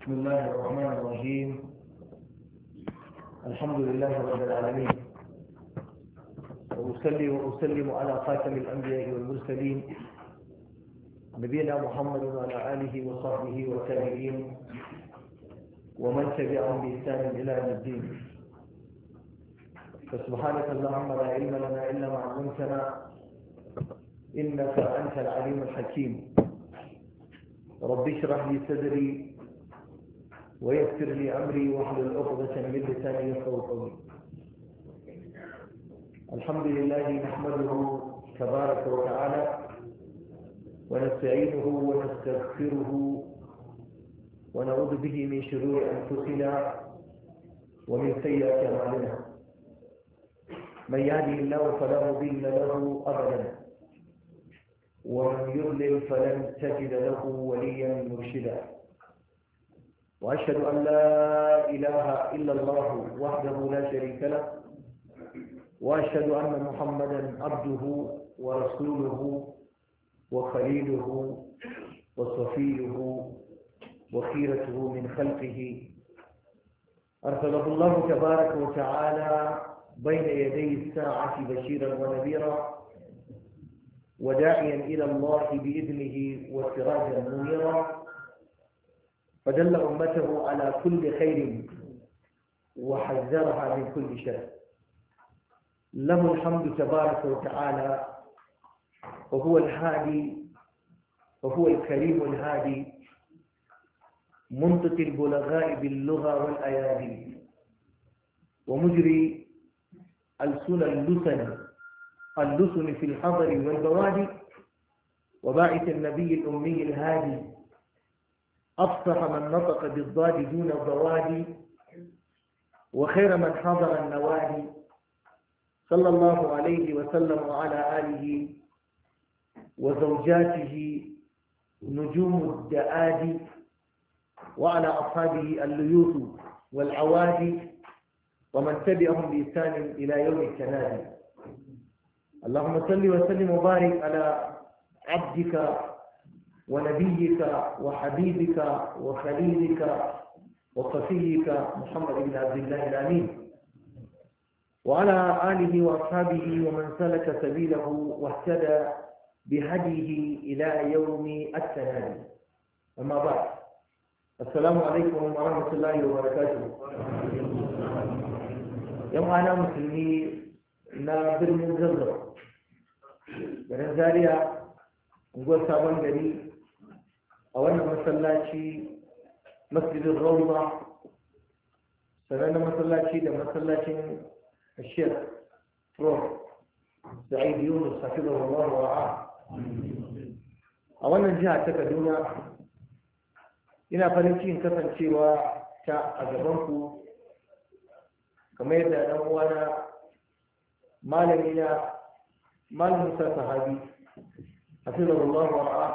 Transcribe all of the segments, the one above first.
بسم الله الرحمن الرحيم الحمد لله رب العالمين وأصلي وأسلم على خاتم الأنبياء والمرسلين نبينا محمد وعلى آله وصحبه وتابعين ومن تبعهم بإحسان إلى يوم الدين فسبحانك اللهم لا علم لنا إلا ما علمتنا إنك أنت العليم الحكيم رب اشرح لي صدري ويسر لي أمري واحلل عقدة من لساني يفقهوا قولي الحمد لله نحمده تبارك وتعالى ونستعينه ونستغفره ونعوذ به من شرور أنفسنا ومن سيئات أعمالنا من يهدي الله فلا مضل له أبدا ومن يضلل فلن تجد له وليا مرشدا وأشهد أن لا إله إلا الله وحده لا شريك له وأشهد أن محمدا عبده ورسوله وخليله وصفيه وخيرته من خلقه أرسله الله تبارك وتعالى بين يدي الساعة بشيرا ونذيرا وداعيا إلى الله بإذنه وسراجا منيرا فدل أمته على كل خير وحذرها من كل شر له الحمد تبارك وتعالى وهو الهادي وهو الكريم الهادي منطق البلغاء باللغة والأيادي ومجري ألسن اللسن اللسن في الحضر والبوادي وباعث النبي الأمي الهادي أفصح من نطق بالضاد دون الضوادي وخير من حضر النوادي صلى الله عليه وسلم وعلى آله وزوجاته نجوم الدآدي وعلى أصحابه الليوث والعوادي ومن تبعهم بإحسان إلى يوم التنادي اللهم صل وسلم وبارك على عبدك ونبيك وحبيبك وخليلك وصفيك محمد بن عبد الله الامين وعلى اله واصحابه ومن سلك سبيله واهتدى بهديه الى يوم التنادي اما بعد السلام عليكم ورحمه الله وبركاته يوم انا مسلمي na birnin zazzau garin Zariya, unguwar sabon gari a wannan masallaci masjidin rauba sanannen masallaci da masallacin ashir prof da yunus hafizahu allah wa a wannan jiha ta kaduna ina farin cikin kasancewa ta a gaban ku kamar yadda ɗan uwana malamina. malam musa sahabi hafizahu Allah wa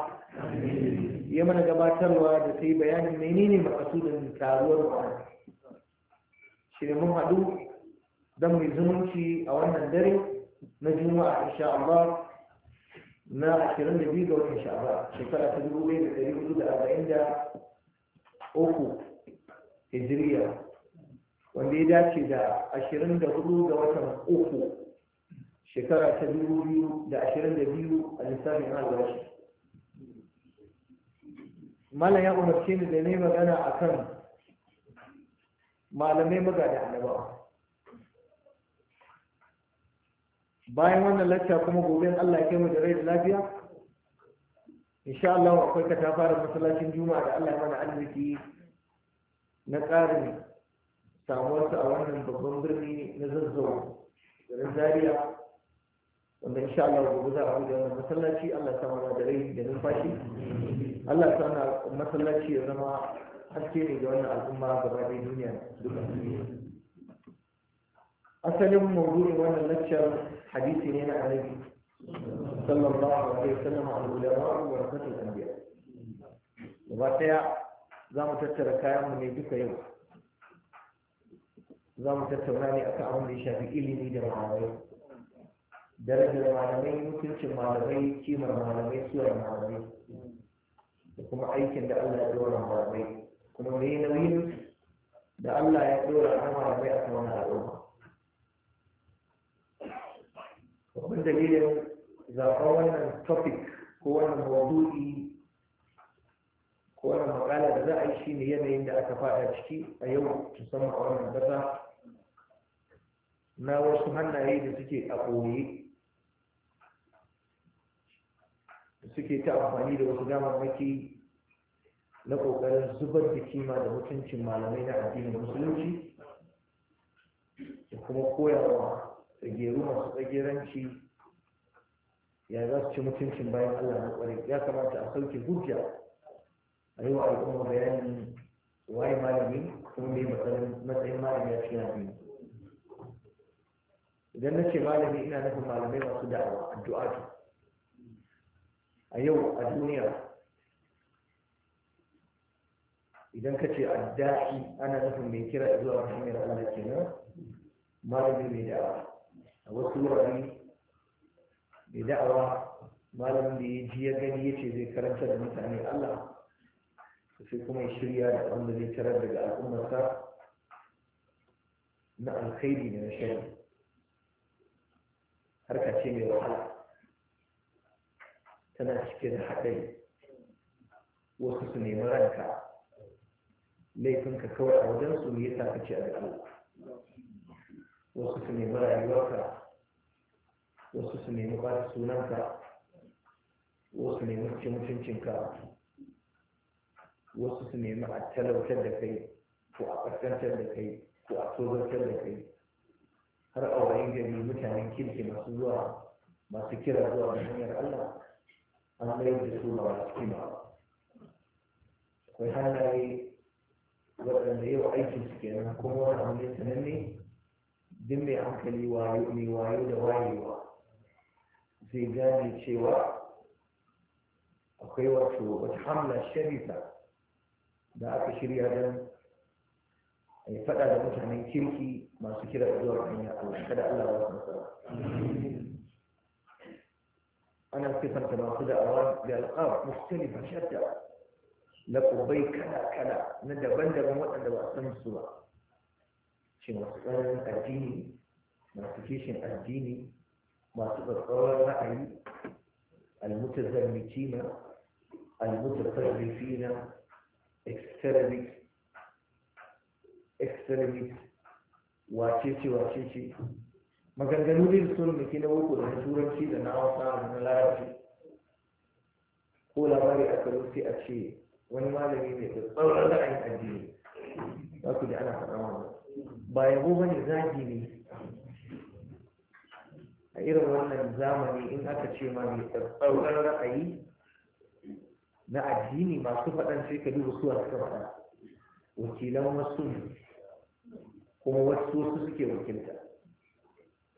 ya mana gabatarwa da sai bayanin menene makasudin taruwar wa shi mun haɗu don mai zumunci a wannan dare na juma'a insha Allah na 22 ga wani sha'aba shekara ta da da da hudu uku hijiriya wanda ya dace da 24 ga watan uku shekara ta dubu biyu da ashirin da biyu a lissafin albashi malam ya umarce ni da nai magana a kan malamai da annabawa bayan wannan lacca kuma gobe Allah ya kai da rai da lafiya insha Allah akwai ka ta fara masallacin juma'a da Allah ya mana arziki na ƙarin samuwarsa a wannan babban birni na zazzau garin zaria wanda insha Allah gobe za a wuri da masallaci Allah ya samu da rai da numfashi Allah ya samu masallaci ya zama haske ne ga wannan al'umma gaba da duniya duka asalin mawdu'in wannan lecture hadisi ne na annabi sallallahu alaihi wasallam al ulama wa rafatul anbiya gaba daya za mu tattara kayan mu ne duka yau za mu tattauna ne akan abin da ya shafi ilimi da ma'amalai darajar malamai mutuncin malamai kimar malamai suwar malamai da kuma aikin da Allah ya dora malamai kuma mai nauyin da Allah ya dora na malamai a kan al'umma babban dalilin zaɓar wannan topic ko wannan mawdu'i ko wannan makala da za a yi shi ne yanayin da aka fada ciki a yau musamman a wannan ƙasa na wasu hannaye da suke a ɓoye suke ta amfani da wasu damarmaki na ƙoƙarin zubar da kima da mutuncin malamai na addinin musulunci da kuma koyarwa da geru masu tsageranci ya za su ci mutuncin bayan allah na ƙwarai ya kamata a sauke hujja a yi wa al'umma bayanin waye malami kuma mai matsayin malami ci cikin addini idan na ce malami ina nufin malamai masu da'awa addu'a a yau a duniya idan ka ce adda'i ana nufin mai kira zuwa hanyar Allah kenan malami mai da'awa a wasu wurare mai da'awa malamin da ya ji ya gani ya ce zai karanta da mutane Allah sai kuma ya shirya da wanda zai tarar daga al'ummarsa na alkhairi da na shari'a harka ce mai wahala tana cike da haɗari wasu su nemi ranka laifinka kawai a wajen su ya sa kace a gaba wasu su nemi rayuwarka wasu su nemi ɓata sunanka wasu nemi cin mutuncinka wasu su nemi a talautar da kai ko a ƙasƙantar da kai ko a tozartar da kai har auren gari mutanen kirki masu zuwa masu kira zuwa da hanyar Allah an mayar da su ba su kima akwai hannaye waɗanda yau aikin su kenan kuma wani abu ne sananne duk mai hankali wayo ne wayo da wayewa zai gane cewa akwai wato wata hamla sharifa da aka shirya don ya faɗa da mutanen kirki masu kira zuwa hanyar Allah kada Allah ya san sa ana sifanta masu da da'awa da alƙar mustalifa shadda laƙubai kala kala na daban-daban waɗanda ba san su ba shi masu tsananin addini masu kishin addini masu tsatsauran ra'ayi almutazarmitina almutafarrifina extremists extremist wace ce wace ce maganganu ne sun da ke na boko da turanci da na wasa da na larabci ko labari a karu sai a ce wani malami ne da tsauran ra'ayin addini za ku ji ana faɗa wa ba yabo ba ne zagi ne a irin wannan zamani in aka ce ma mai tsauran ra'ayi na addini masu faɗan sai ka duba suwa suka faɗa wakilan wasu ne kuma wasu su suke wakilta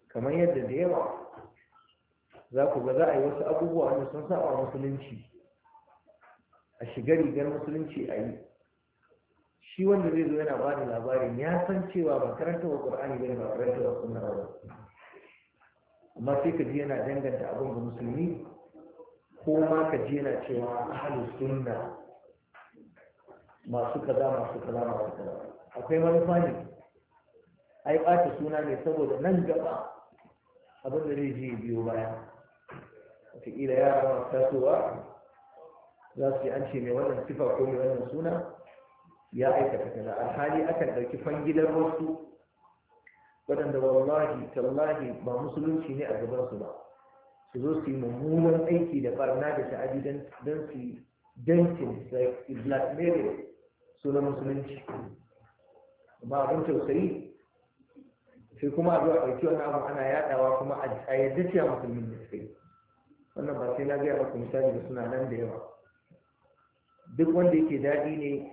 kamar yadda da yawa za ku ga za a yi wasu abubuwa wanda sun saba musulunci a shiga rigar musulunci a yi shi wanda zai zo yana ba da labarin ya san cewa ba karanta wa ƙur'ani ne ba karanta wa sunna ba amma sai ka ji yana danganta abin ga musulmi ko ma ka ji yana cewa ahlus sunna masu kaza masu kaza masu kaza akwai manufa ne ai ɓata suna ne saboda nan gaba abin da zai je biyo baya wataƙila yara ta tasowa za su yi an ce mai wannan sifa ko mai wannan suna ya aikata kaza alhali akan ɗauki fangilar wasu waɗanda wallahi tallahi ba musulunci ne a gabansu ba su zo su yi mummunan aiki da barna da sha'adi don su yi dankin da blackmail sunan musulunci Ba abin tausayi sai kuma a zuwa ɗauki wani abu ana yaɗawa kuma a yadda cewa musulmin da suka wannan ba sai na gaya maka misali da suna nan da yawa duk wanda yake daɗi ne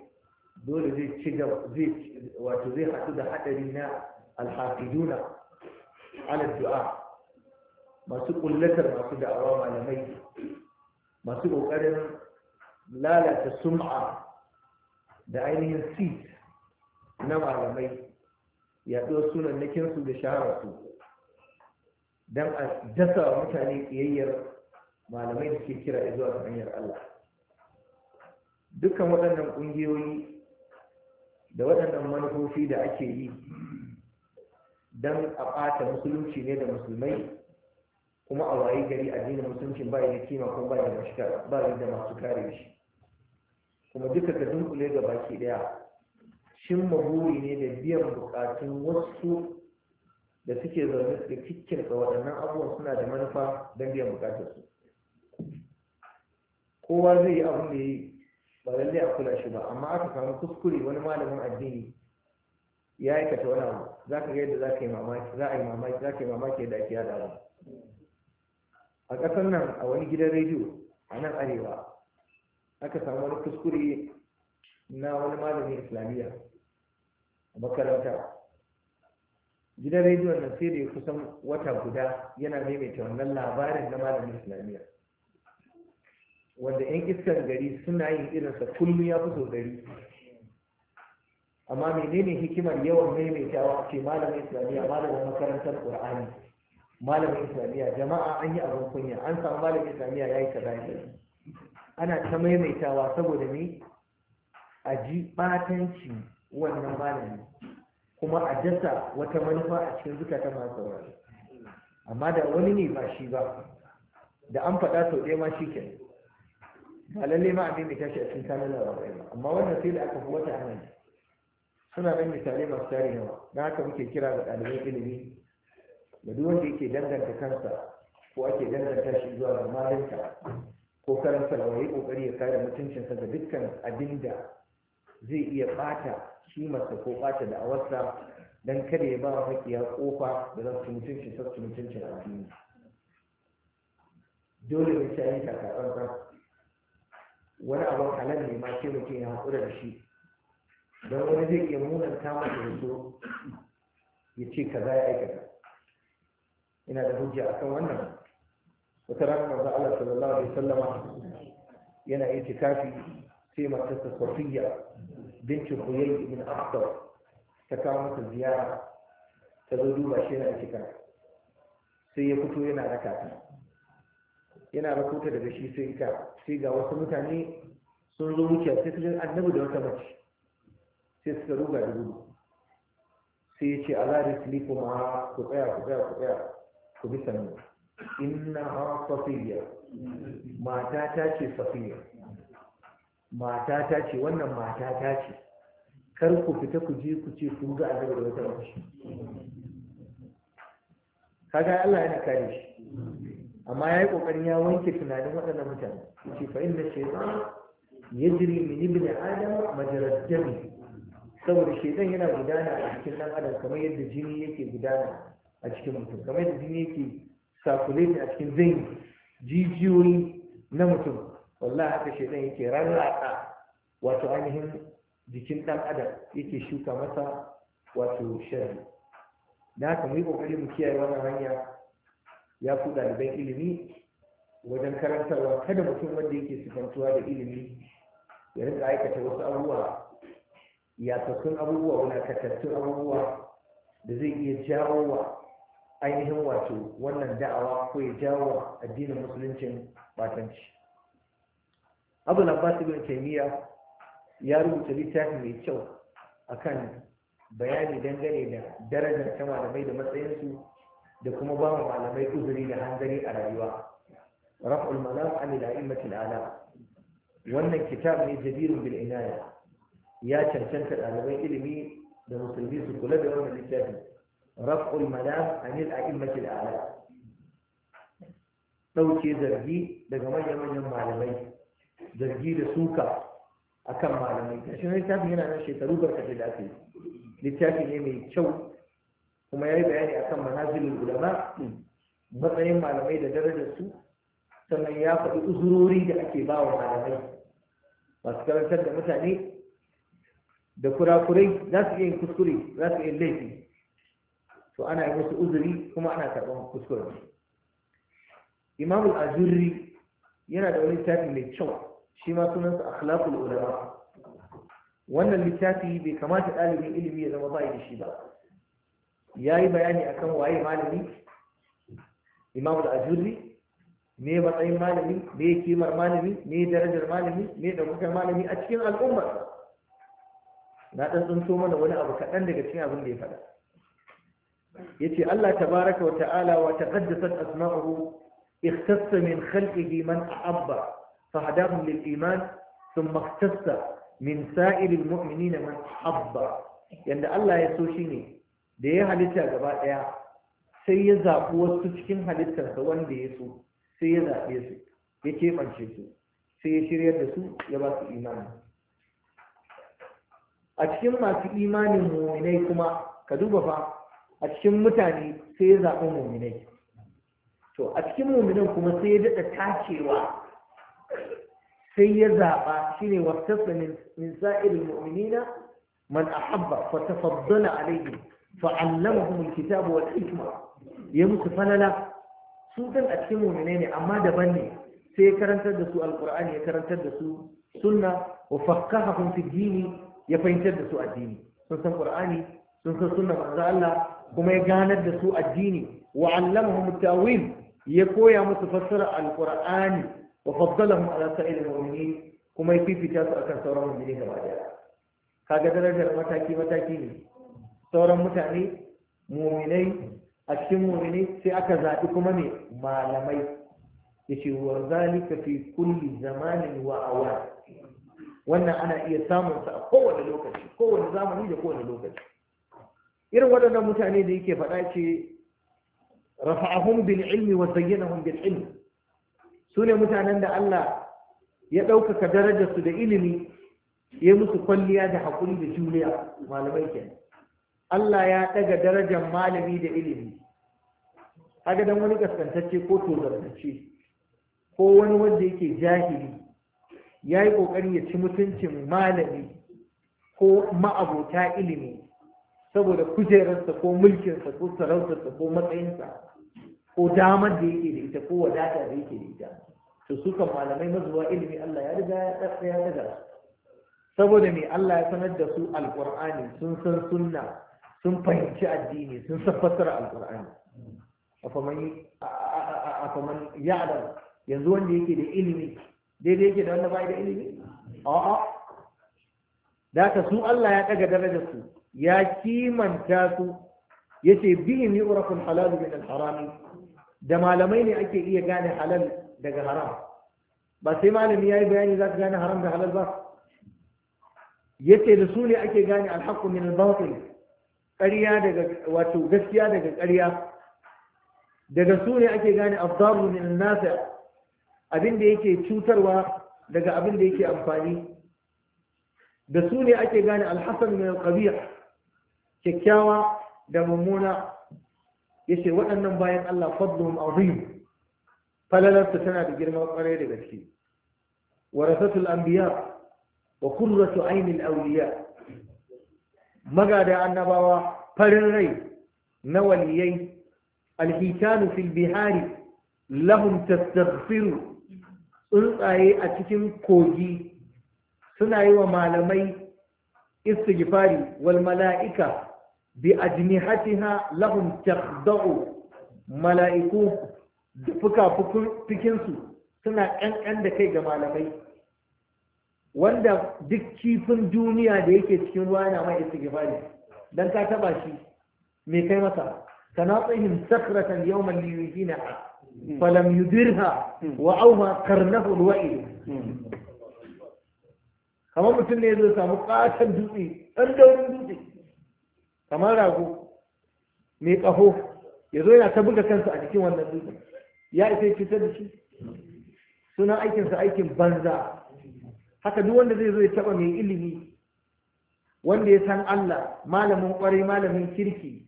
dole zai ci zai wato zai haɗu da haɗari na alhafiduna ala du'a masu kullatar masu da'awa malamai masu ƙoƙarin lalata sum'a da ainihin seat na malamai yaɗuwar sunannakinsu da shahararsu don a dasa wa mutane ƙiyayyar malamai da ke kira zuwa ta hanyar Allah dukkan waɗannan ƙungiyoyi da waɗannan manufofi da ake yi don a ɓata musulunci ne da musulmai kuma a wayi gari addinin musulunci bayan da kima kuma bayan da masu kare shi kuma duka ka dunkule ga baki ɗaya Shin buri ne da biyan bukatun wasu da suke zaune cikin ga waɗannan abubuwan suna da manufa don biyan bukatarsu kowa zai yi abin da yi ba lallai a kula shi ba amma aka samu kuskure wani malamin addini ya aikata wani abu za ka yadda za ka yi mamaki za a yi mamaki za ka yi mamaki yadda ake yada ba a ƙasar nan a wani gidan rediyo a nan arewa aka samu wani kuskure na wani malamin islamiyya a makaranta gidan rediyon nan sai da ya kusan wata guda yana maimaita wannan labarin na malamin islamiyya wanda 'yan iskar gari suna yin irinsa kullum ya fi so gari amma menene hikimar yawan maimaitawa ce malamin islamiyya malamin makarantar qur'ani malamin islamiyya jama'a an yi abin kunya an samu malamin islamiyya ya yi ta ana ta maimaitawa saboda ne. a ji batanci wannan malami kuma a dasa wata manufa a cikin zukata masu saurari amma da wani ne ba shi ba da an faɗa sau ɗaya ma shi kenan ba lalle ma abin da tashi a cikin kanan labarai ba amma wannan sai da aka fi wata anan suna nan misalai masu tare nawa na haka muke kira ga ɗaliban ilimi da duk wanda yake danganta kansa ko ake danganta shi zuwa ga malinta ko karansa da wani kokari ya kare mutuncinsa da dukkan abin da zai iya bata masa ko bata da awarsa don kada ya ba wa makiya ƙofa da za su mutunci sassu mutuncin addini dole ne sai yin takatsantsan wani abin halal ne ma ce mutum ya haƙura da shi don wani zai iya munanta kama da so ya ce kaza ya aikata ina da hujja akan wannan wata rana manzo Allah sallallahu alaihi wasallama yana itikafi sai matarsa Sofiya بنت خيي بن أخطر تكامت الزيارة تزودوا باشينا اتكام سيكتو ينا ركاتا yana rakuta daga shi sai ka sai ga wasu mutane sun zo wuce sai su annabi da wata mace sai suka ruga da gudu sai ya ce ala risli kuma ku tsaya ku tsaya ku tsaya ku bi sannu inna ha safiya mata ta ce safiya Mata ta ce wannan mata ta ce kar ku fita ku je ku ce kun ga annabi da wata mace kaga Allah yana kare shi amma yayi kokarin ya wanke tunanin waɗannan mutane ce fa inna shaytan yajri min ibni adam majrad dami saboda shaytan yana gudana a cikin dan adam kamar yadda jini yake gudana a cikin mutum kamar yadda jini yake circulate a cikin zai jijiyoyi na mutum wallahi haka shaitan yake rarraka wato ainihin jikin dan adam yake shuka masa wato sharri da haka mu yi kokari mu kiyaye wannan hanya ya fi ɗaliban ilimi wajen karantarwa kada mutum wanda yake sifantuwa da ilimi ya rinka aikata wasu abubuwa iyakakkun abubuwa wadatattun abubuwa da zai iya jawo wa ainihin wato wannan da'awa ko ya jawo addinin musuluncin batanci abu na ba su taimiyya ya rubuta littafi mai kyau akan bayani dangane da darajar ta malamai da matsayinsu da kuma ba malamai uzuri da hanzari a rayuwa raf'ul malam an ila ala wannan kitab ne jabirun bil ya cancanta ɗalibai ilimi da musulmi su kula da wannan littafi raf'ul malam an ila immatil ala dauke zargi daga manyan manyan malamai zargi da suka akan malamai gashi na littafin yana nan shekaru barka da ake littafi ne mai kyau kuma ya yi bayani akan manazilin ulama matsayin malamai da darajar su sannan ya faɗi uzurori da ake ba wa malamai masu karantar da mutane da kurakurai za su iya yin kuskure za su iya yin laifi to ana yi musu uzuri kuma ana karɓar kuskure imamul azurri yana da wani littafi mai kyau shi ma sunansa akhlaqul ulama wannan littafi bai kamata ɗalibin ilimi ya zama bai da shi ba yayi bayani akan waye malami imamu da ajuri ne matsayin malami ne kimar malami ne darajar malami ne ɗaukakar malami a cikin al'ummar na ɗan tsunto mana wani abu kaɗan daga cikin abin da ya faɗa yace Allah tabaraka wa ta'ala wa taqaddasat asma'uhu اختص من خلقه من أحب فهداهم للإيمان ثم اختص من سائر المؤمنين من أحب yanda Allah ya so shi ne da ya halitta gaba ɗaya sai ya zaɓi wasu cikin halittarsa wanda ya so sai ya zaɓe su ya keɓance su sai ya shiryar da su ya basu su a cikin masu imanin muminai kuma ka duba fa a cikin mutane sai ya zaɓi muminai to a cikin muminan kuma sai ya daɗa tacewa sai ya zaɓa shine wattasa min sa'irin mu'minina man ahabba fa tafaddala alayhi fa allamahum alkitaba wal hikma ya musu falala su kan a cikin muminai ne amma daban ne sai ya karantar da su Alƙur'ani ya karantar da su sunna wa faqqahahum fi dini ya fahimtar da su addini sun san ƙur'ani, sun san sunna manzo Allah kuma ya ganar da su addini wa allamahum tawil ya koya musu fassara alqur'ani wa faddalahum ala sa'il mu'minin kuma ya fifita su akan sauran mu'mini gaba daya kaga darajar mataki mataki ne sauran mutane mu'minai a cikin mu'minai sai aka zaɓi kuma ne malamai yace wa zalika fi kulli zamanin wa awan wannan ana iya samun sa a kowane lokaci kowane zamani da kowane lokaci irin waɗannan mutane da yake faɗa ce rafa'ahum bil ilmi wa zayyanahum bil ilmi sune mutanen da Allah ya ɗaukaka darajarsu da ilimi ya musu kwalliya da hakuri da juriya malamai kenan Allah ya ɗaga darajar malami da ilimi haka dan wani kaskantacce ko tozartacce ko wani wanda yake jahili ya yi ƙoƙari ya ci mutuncin malami ko ma'abota ilimi saboda kujerarsa ko mulkinsa ko sarautarsa ko matsayinsa ko damar da yake da ita ko wadata da yake da ita to suka malamai mazuwa ilimi Allah ya riga ya tsaya daga saboda me Allah ya sanar da su alqur'ani sun san sunna sun fahimci addini sun san fasara alqur'ani afaman afaman ya'lam yanzu wanda yake da ilimi daidai yake da wanda bai da ilimi a'a da ka su Allah ya daga daraja su ya kimanta su yace bihim yu'raful halal min al-harami da malamai ne ake iya gane halal daga haram ba sai malami ya yi bayani za ka gane haram da halal ba yace da su ne ake gane alhaku min albatil ƙarya daga wato gaskiya daga ƙarya daga su ne ake gane afdaru min an abin da yake cutarwa daga abin da yake amfani da su ne ake gane alhasan min al kyakkyawa da mummuna yace waɗannan bayan Allah fadluhum azim falalarsa tana da girma kwarai da gaske warasatul anbiya wa qurratu ainil awliya magada annabawa farin rai na waliyai alhitanu fil bihari lahum tastaghfiru tsuntsaye a cikin kogi suna yi wa malamai istighfari wal mala'ika bi ajnihatiha lahum takhda'u mala'iku da fuka-fukinsu suna ƙanƙan da kai ga malamai wanda duk kifin duniya da yake cikin ruwa yana mai istighfari dan ka taba shi me kai masa tanatihim sakratan yawman liyuhina falam yudirha wa auha qarnahu alwa'id kamar mutum ne zai samu katan dutse ɗan daurin dutse kamar rago mai ƙaho ya zo yana ta buga kansa a cikin wannan dutse ya isa ya fitar da shi sunan aikinsa aikin banza haka duk wanda zai zo ya taɓa mai ilimi wanda ya san Allah malamin ƙwarai malamin kirki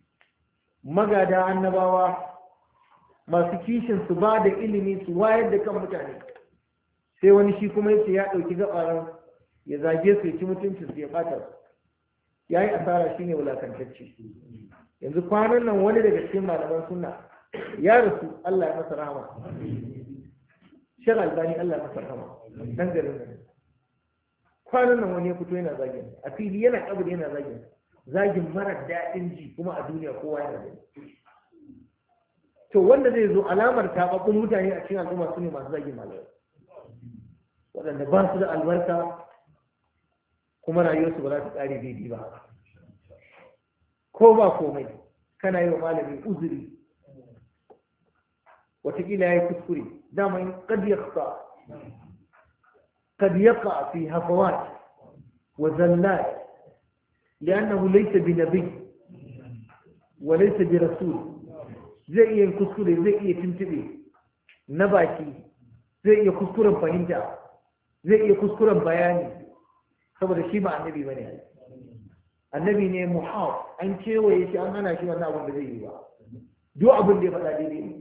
magada annabawa masu kishin su ba da ilimi su wayar da kan mutane sai wani shi kuma ce ya ɗauki gabaran ya zage su ya ci mutuncin su ya ɓata su ya yi asara shine wulakantacce yanzu kwanan nan wani daga cikin malaman suna. ya rasu Allah ya masa rahama shan albani Allah ya masa rahama dan garin nan kwanan nan wani ya fito yana zagin a fili yana kabur yana zagin zagin mara daɗin ji kuma a duniya kowa yana da to wanda zai zo alamar tababbun mutane a cikin al'umma su ne masu zagin malamai waɗanda ba su da albarka kuma rayuwarsu ba za ta tsari daidai ba ko ba komai kana yi wa malami uzuri watakila ya yi kuskure dama in kad yaqta kad fi hafawat wa zallat li'annahu laysa bi nabi wa laita bi rasul zai iya kuskure zai iya tuntube na baki zai iya kuskuren fahimta zai iya kuskuren bayani saboda shi ba annabi bane annabi ne muhaw an kewaye shi an hana shi wannan abin da zai yi ba duk abin da ya faɗa daidai ne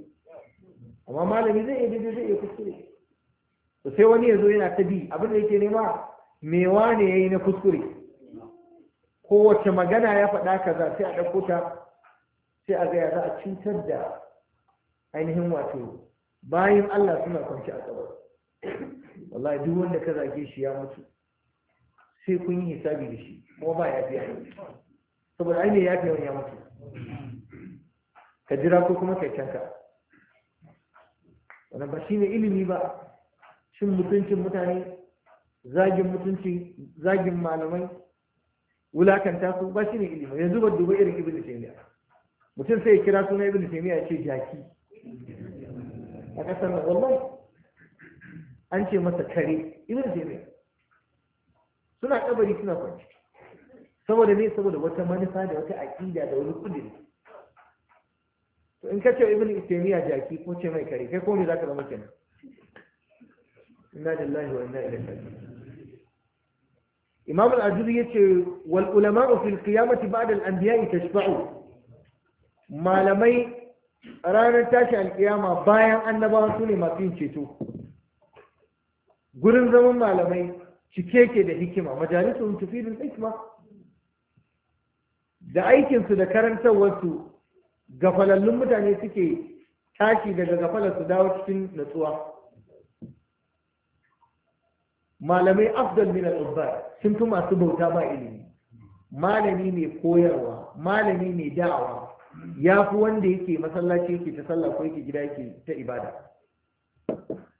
amma malami zai iya daidai zai iya kuskure to sai wani ya zo yana ta bi abin da yake nema mewa ne ya yi na kuskure kowace magana ya faɗa kaza sai a ɗauko ta sai a gaya za a cutar da ainihin wato bayan Allah suna kwanci a kabar wallahi duk wanda ka zage shi ya mutu sai kun yi hisabi da shi kuma ba ya biya saboda ai ne ya fi ya mutu ka jira ko kuma kai canka wannan ba shi ne ilimi ba shin mutuncin mutane zagin mutunci zagin malamai wulakanta su ba ne ilimi yanzu ba duba irin ibnu taymiya mutum sai ya kira suna ibnu taymiya ya ce jaki a kasar wallahi an ce masa kare ibnu taymiya suna kabari suna kwanci saboda ne saboda wata manufa da wata aƙida da wani kudin to in ka ce ibnu taymiya jaki ko ce mai kare kai ko ne zaka zama kenan inna lillahi wa inna ilaihi raji'un imam al-ajuri yace wal ulama fi al-qiyamati ba'da al-anbiya tashfa'u malamai ranar tashi al-qiyama bayan annabawa su ne masu yin ceto gurin zaman malamai cike ke da hikima majalisun tufidul hikima da aikinsu da karantarwarsu gafalallun mutane suke tashi daga gafalar su dawo cikin natsuwa malamai afdal min al sun fi masu bauta ba ilimi malami mai koyarwa malami mai da'awa ya fi wanda yake masallaci yake ta sallah ko yake gida yake ta ibada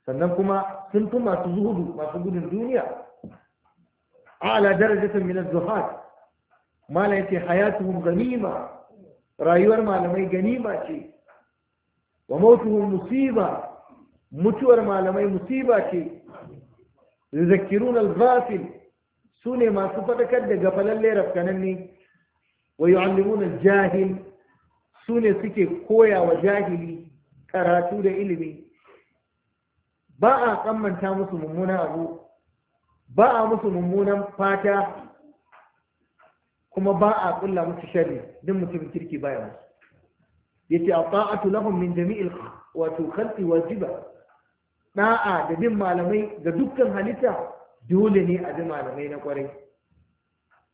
sannan kuma sun fi masu zuhudu masu gudun duniya ala darajatan min az-zuhat mala yace hayatuhum ganima rayuwar malamai ganima ce wa mautuhum musiba mutuwar malamai musiba ce yuzakkiruna al-ghafil sune masu fadakar da gafalalle rafkananne wa yu'allimuna al-jahil sune suke koya wa jahili karatu da ilimi ba a kammanta musu mummunan abu ba a musu mummunan fata kuma ba a kulla musu sharri duk mutumin kirki baya musu yace ata'atu lahum min jami'il wato khalqi wajiba da'a da bin malamai ga dukkan halitta dole ne a bi malamai na kwarai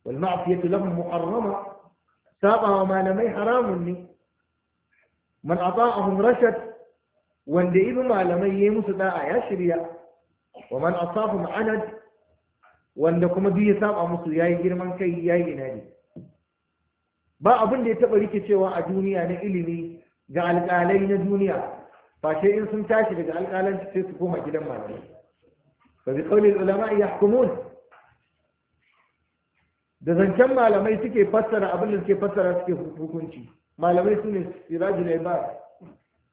wal ma'siyatu lahum muharrama saba wa malamai haramun ne man ata'ahum rashad wanda ibi malamai yayi musu da'a ya shirya wa man asafahum anad wanda kuma duk ya saba musu ya yi girman kai ya yi inadi ba abin da ya taba rikicewa a duniya na ilimi ga alƙalai na duniya ba sai in sun tashi daga alƙalanci sai su koma gidan malamai Ba zai qawli ulama hukumun da zancen malamai suke fassara abin da suke fassara suke hukunci malamai su sune sirajul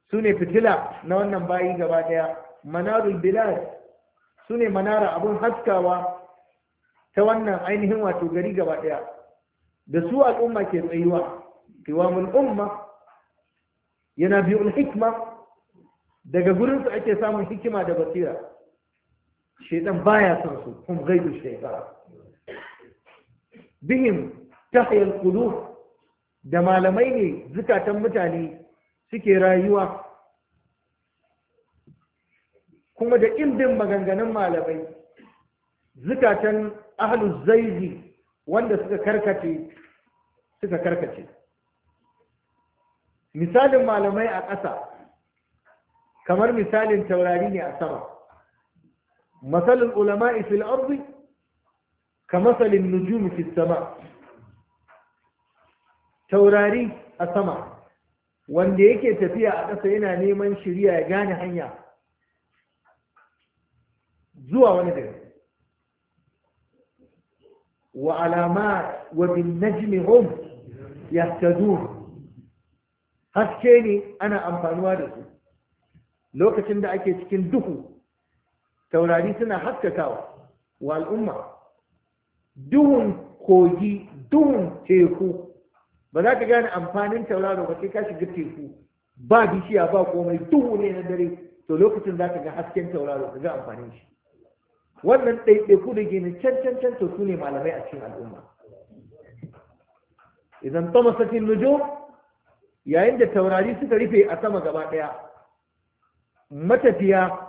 su ne fitila na wannan bayi gaba daya manarul su ne manara abin haskawa ta wannan ainihin wato gari gaba ɗaya da su al'umma ke tsayuwa kiwamul umma yana biyun hikma daga gurinsu ake samun hikima da basira shaitan baya son su kuma gaidu Bihin ta hayar kudu da malamai ne zukatan mutane suke rayuwa kuma da indin maganganun malamai zukatan ahlus zaizi wanda suka karkace suka karkace misalin malamai a ƙasa kamar misalin taurari ne a sama masalin ulama'i fil ardi ka masalin nujumi fil sama taurari a sama wanda yake tafiya a ƙasa yana neman shirya ya gane hanya zuwa wani gari وعلامات وبالنجم هم يهتدون haske ne ana amfanuwa da su lokacin da ake cikin duhu taurari suna haskakawa wa al'umma duhun kogi duhun teku ba za ka gane amfanin tauraro ba sai ka shiga teku ba bishiya ba komai duhu ne na dare to lokacin za ka ga hasken tauraro ka ga amfanin shi wannan ɗaiɗaiku da gini can can can to su ne malamai a cikin al'umma idan ta masakin nujo yayin da taurari suka rufe a sama gaba ɗaya matafiya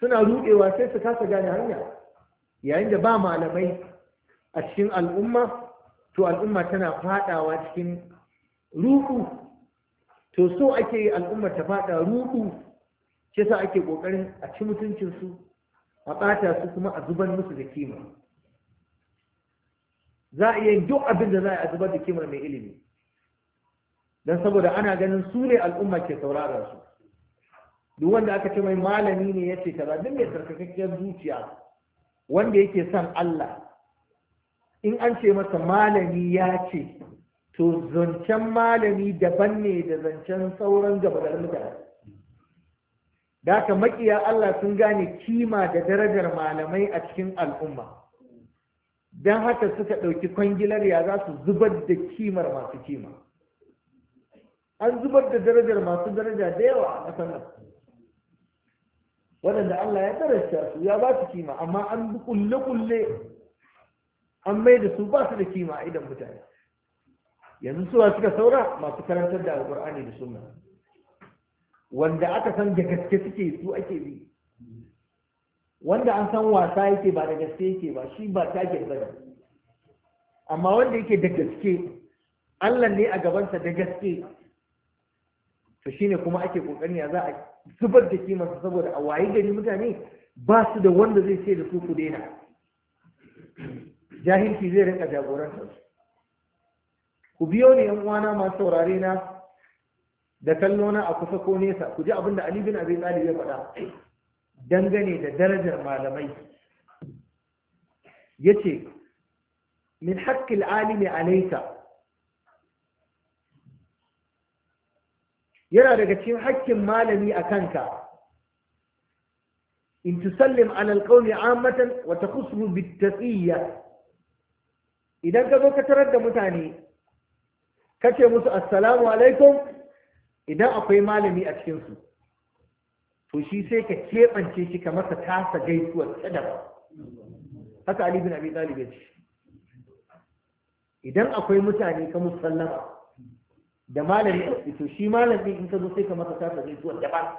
suna ruɗewa sai su kasa gane hanya yayin da ba malamai a cikin al'umma to al'umma tana faɗawa cikin ruɗu to so ake yi al'umma ta faɗa ruɗu shi sa ake ƙoƙarin a ci mutuncinsu a ɓata su kuma a zubar musu da kima za a iya duk abin da za a zubar da kimar mai ilimi don saboda ana ganin su ne al'umma ke saurara su duk wanda aka ce mai malami ne ya ce kaza duk mai sarkakakkiyar zuciya wanda yake son Allah in an ce masa malami ya ce to zancen malami daban ne da zancen sauran gaba mutane da haka makiya Allah sun gane kima da darajar malamai a cikin al'umma don haka suka ɗauki kwangilar ya za su zubar da kimar masu kima an zubar da darajar masu daraja da yawa a ƙasar nan waɗanda Allah ya daraja su ya ba su kima amma an bi kulle-kulle an mai da su ba su da kima a idan mutane yanzu suwa suka saura masu karantar da alƙur'ani da sunna wanda aka san da gaske suke su ake bi wanda an san wasa yake ba da gaske yake ba shi ba ta ba ne amma wanda yake da gaske Allah ne a gabansa da gaske to shine kuma ake kokarin ya za a zubar da kimarsa saboda a wayi gari mutane ba su da wanda zai ce da su ku daina jahilci zai rinka jagorantar ku biyo ne yan uwana masu saurare na da kallo na a kusa ko nesa ku ji abin da Ali bin Abi Talib ya faɗa dangane da darajar malamai yace min haqqil alimi alayka yana daga cikin haƙƙin malami a kanka in tusallim ala alqawli ammatan wa takhussu bitasiyya idan ka zo ka tarar da mutane kace musu assalamu alaikum idan akwai malami a cikinsu to shi sai ka keɓance shi ka masa tasa gaisuwar ta daban haka ali bin abi talib yace ce idan akwai mutane ka musallama da malami a to shi malami in ka zo sai ka masa tasa gaisuwar daban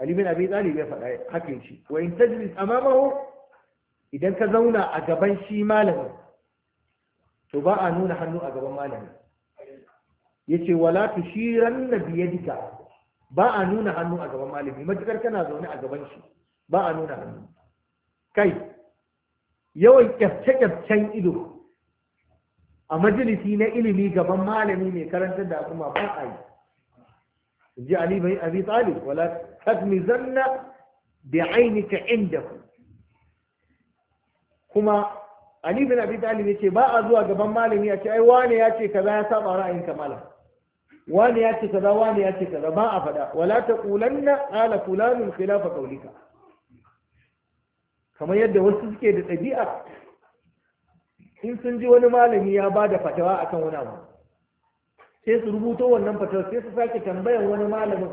ali bin abi talib ya faɗa haka yace wa in tajlis amamahu idan ka zauna a gaban shi malami, to ba a nuna hannu a gaban malami. yace wala tushiran biyadika ba a nuna hannu a gaban malami matukar kana zaune a gaban shi ba a nuna hannu kai yawan kyafce-kyafcen ido a majalisi na ilimi gaban malami mai karanta da kuma ba a yi ji ali bai abi talib wala tadmizanna bi ainika indahu kuma Ali bin Abi Talib yace ce ba a zuwa gaban malami ya ce ai wane ya ce kaza ya saba ra'ayin ka malam wani ya ce kaza wani ya ce kaza ba a faɗa wala ta kulanna ala fulanun khilafa qaulika kamar yadda wasu suke da ɗabi'a in sun ji wani malami ya ba da fatawa akan wani abu sai su rubuto wannan fatawa sai su sake tambayar wani malamin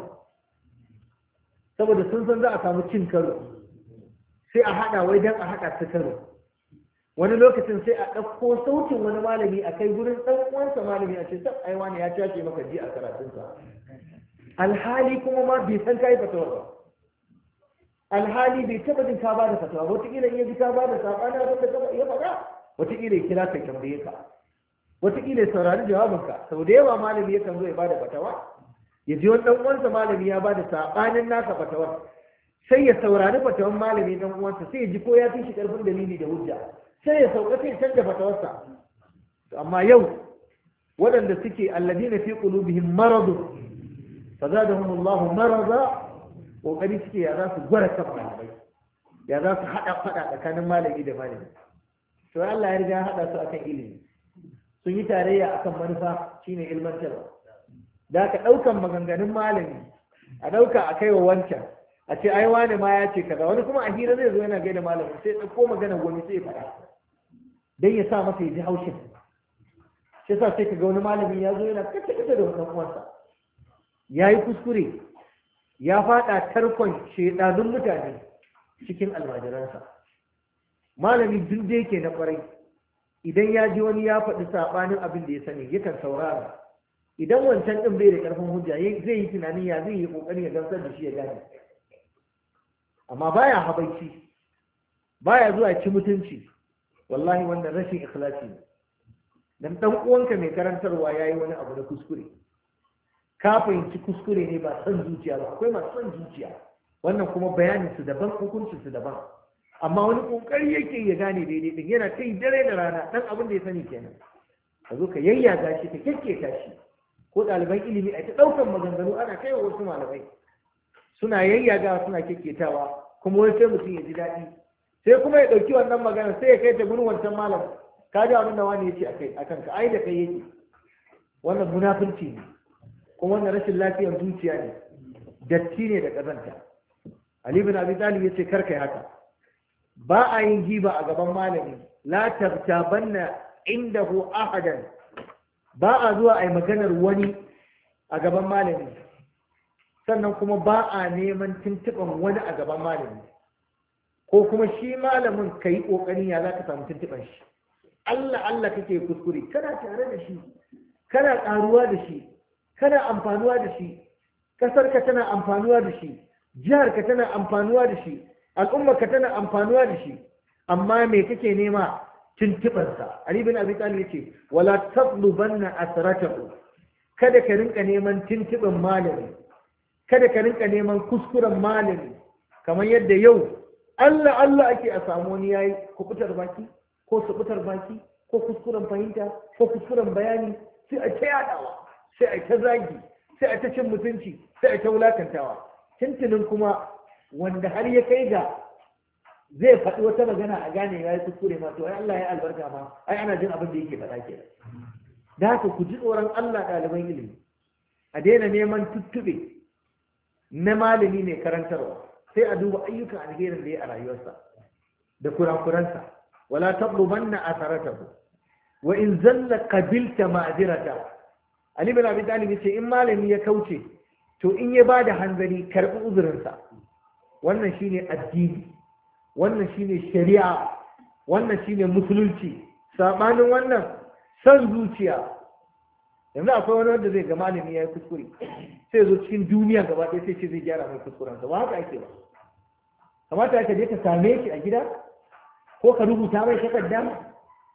saboda sun san za a samu cin karo sai a haɗa wai don a haɗa su karo wani lokacin sai a ɗauko sautin wani malami a kai gurin ɗan uwansa malami a ce tab ai wani ya cace maka ji a karatunsa alhali kuma ma bai san kai fatawa ba alhali bai taba jin ka bada fatawa wataƙila in ya ji ka bada saɓani abin da ya faɗa wataƙila ya kira ka tambaye ka wataƙila ya saurari jawabinka sau da yawa malami kan zo ya bada fatawa ya ji wani ɗan uwansa malami ya bada saɓanin naka fatawar sai ya saurari fatawan malami ɗan uwansa sai ya ji ko ya fi shi ƙarfin dalili da hujja sai ya sauka sai canza fatawarsa amma yau waɗanda suke alladina fi qulubihim maradu fazadahum Allah marada ƙoƙari suke ya za su gwara kan malamai ya za su haɗa faɗa tsakanin malami da malami to Allah ya riga haɗa su akan ilimi sun yi tarayya akan manufa shine ilmantarwa da ka ɗaukan maganganun malami a ɗauka a wa wancan a ce ai wani ma ya ce kaza wani kuma a hira zai zo yana gaida malamin sai ɗauko magana gomi sai faɗa dan ya sa masa ya ji haushin shi sa sai ka ga wani malami ya zo yana kace kace da wannan ya yi kuskure ya faɗa tarkon shedanun mutane cikin almajiransa malami duk da yake na kwarai idan ya ji wani ya faɗi saɓanin abin da ya sani yakan saurara idan wancan ɗin bai da ƙarfin hujja zai yi tunanin ya zai yi ƙoƙari ya gamsar da shi ya gane amma baya habaici baya zuwa ci mutunci wallahi wannan rashin ikhlasi ne dan dan uwanka mai karantarwa yayi wani abu na kuskure ka fahimci kuskure ne ba son zuciya ba akwai masu son zuciya wannan kuma bayanin su daban hukuncin su daban amma wani kokari yake ya gane daidai din yana kai dare da rana dan abin da ya sani kenan ka zo ka yayyaga shi ka kyakketa shi ko ɗaliban ilimi a ta ɗaukan maganganu ana wa wasu malamai suna yayyagawa suna kyakketawa kuma wani sai mutum ya ji daɗi sai kuma ya ɗauki wannan magana sai ya kai ta gurin wancan malam ka ji abin da wani ya ce a kai a kanka ai da kai yake wannan munafunci ne kuma wannan rashin lafiyar zuciya ne datti ne da ƙazanta ali bin abi talib ya ce kar kai haka ba a yin giba a gaban malami la inda indahu ahadan ba a zuwa a yi maganar wani a gaban malami sannan kuma ba a neman tuntuɓan wani a gaban malami ko kuma shi malamin ka yi ƙoƙarin ya za ka samu tuntuɓar shi Allah Allah kake kuskure kana tare da shi kana ƙaruwa da shi kana amfanuwa da shi ƙasar ka tana amfanuwa da shi jihar ka tana amfanuwa da shi Al'umma ka tana amfanuwa da shi amma me kake nema tuntuɓar sa Ali bin Abi Talib yace wala tatlubanna asratahu kada ka rinka neman tuntuɓin malami kada ka rinka neman kuskuren malami kamar yadda yau Allah Allah ake a samu wani yayi kubutar baki ko subutar baki ko kuskuren fahimta ko kuskuren bayani sai a ta yadawa sai a ta zagi sai a ta cin mutunci sai a ta wulakantawa tuntunin kuma wanda har ya kai ga zai faɗi wata magana a gane ya yi kuskure ma to ai Allah ya albarka ma ai ana jin abin da yake faɗa ke da haka ku ji tsoron Allah ɗaliban ilimi a daina neman tuttube na malami ne karantarwa sai a duba ayyukan alherin da ya a rayuwarsa da kurakuransa wala taqlubanna atharatahu wa in zalla qabilta ma'zirata ali bin abi talib yace in malami ya kauce to in ya bada hanzari karbi uzurinsa wannan shine addini wannan shine shari'a wannan shine musulunci sabanin wannan san zuciya yanzu akwai wani wanda zai ga malami ya yi kuskure sai zo cikin duniya gaba ɗaya sai ce zai gyara mai kuskurensa ba haka ake ba kamata ka je ka same shi a gida ko ka rubuta mai takarda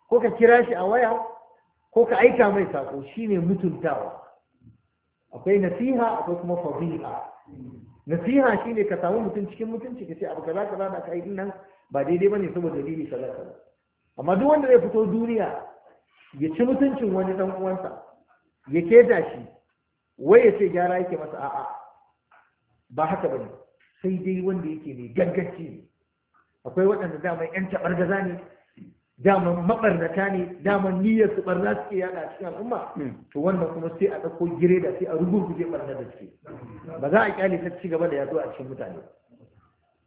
ko ka kira shi a waya ko ka aika mai sako shine mutuntawa akwai nasiha akwai kuma fadila nasiha shine ka samu mutum cikin mutunci ka ce abu kaza kaza da ka din nan ba daidai bane saboda dalili salaka amma duk wanda zai fito duniya ya ci mutuncin wani dan uwansa ya keda shi wai ya ce gyara yake masa a'a ba haka bane sai dai wanda yake mai ganganci ne akwai waɗanda dama yan taɓargaza ne daman maɓarnata ne daman niyyar su ɓarna suke yaɗa cikin al'umma hmm. to wannan kuma sai a ɗauko gire da sai a zai ɓarna da suke ba za a kyale ta ci gaba da yazo a cikin mutane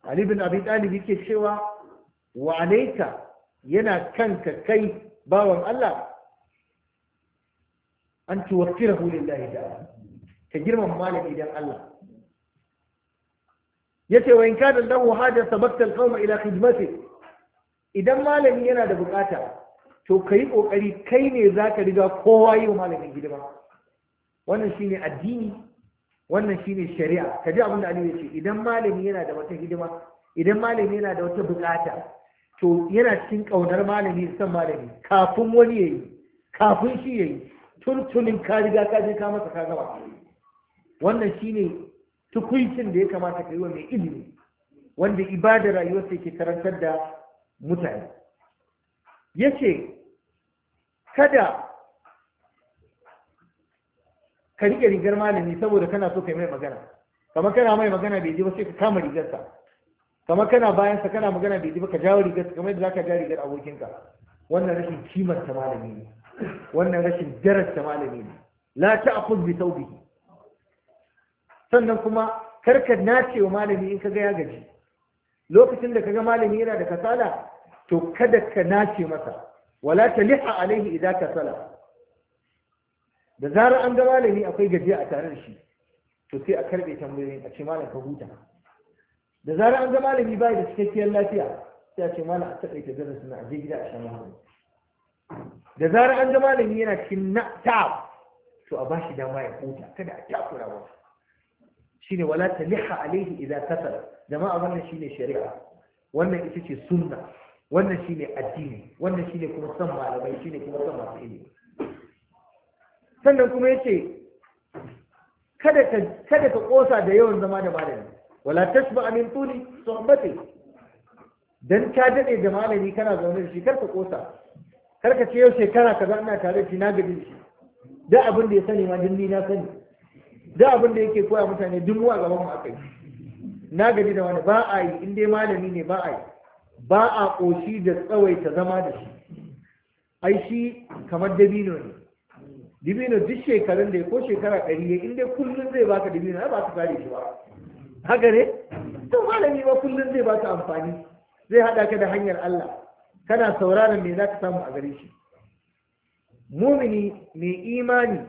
Ali bin Abi Talib yake cewa wa alayka yana kanka kai bawan Allah an tuwaffirahu lillahi ta'ala ka girmama malami idan Allah yace wa in kana lahu hajar sabaqta al-qawma ila khidmati idan malami yana da bukata to kai kokari kai ne zaka riga kowa yi wa malamin hidima wannan shine addini wannan shine shari'a Ka ji abin da Aliyu yace idan malami yana da wata hidima idan malami yana da wata bukata to yana cikin kaunar malami san malami kafin wani yayi kafin shi yayi tuntunin ka riga ka je ka masa ka gaba wannan shine tukuncin da ya kamata ka yi wa mai ilimi wanda ibada rayuwar sai ke karantar da mutane ya ce kada ka riƙe rigar malami saboda kana so ka yi mai magana kamar kana mai magana bai ji ba sai ka kama rigarsa kamar kana bayansa kana magana bai ji ba ka jawo rigarsa kamar yadda za ka ja rigar abokinka wannan rashin kimar ta malami ne wannan rashin darajar malami ne la ta'khudh bi thawbihi sannan kuma karka nace wa malami in ka ya gaji lokacin da kaga malami yana da kasala to kada ka nace masa wala liha alaihi idza kasala da zarar an ga malami akwai gajiya a tare da shi to sai a karbe tambayoyin a ce malam ka huta da zarar an ga malami bai da cikakkiyar lafiya sai a ce malam a taƙaita darasin a je gida a shan magani da zarar an ga malami yana cikin na to a bashi dama ya huta kada a takura masa shine wala taliha alaihi idza kasala jama'a wannan shine shari'a wannan ita ce sunna wannan shine addini wannan shine kuma san malamai shine kuma san masu ilimi sannan kuma yace kada kada ka kosa da yawan zama da malami wala tashba min su sohbati dan ka dade da malami kana zaune da shi kar ka kosa kar ka ce yau shekara ka ina tare da shi na gaji shi da abin da ya sani ma dinni na sani da abin da yake koya mutane duk mu gaban mu aka yi na gaji da wani ba a yi in dai malami ne ba a yi ba a ƙoshi da tsawaita zama da shi ai shi kamar dabino ne dabino duk shekarun da ya ko shekara ɗari ya inda kullum zai baka dabino na ba ka kare shi ba haka ne to malami ba kullum zai baka amfani zai haɗa ka da hanyar Allah kana sauraron me za ka samu a gare shi mumini mai imani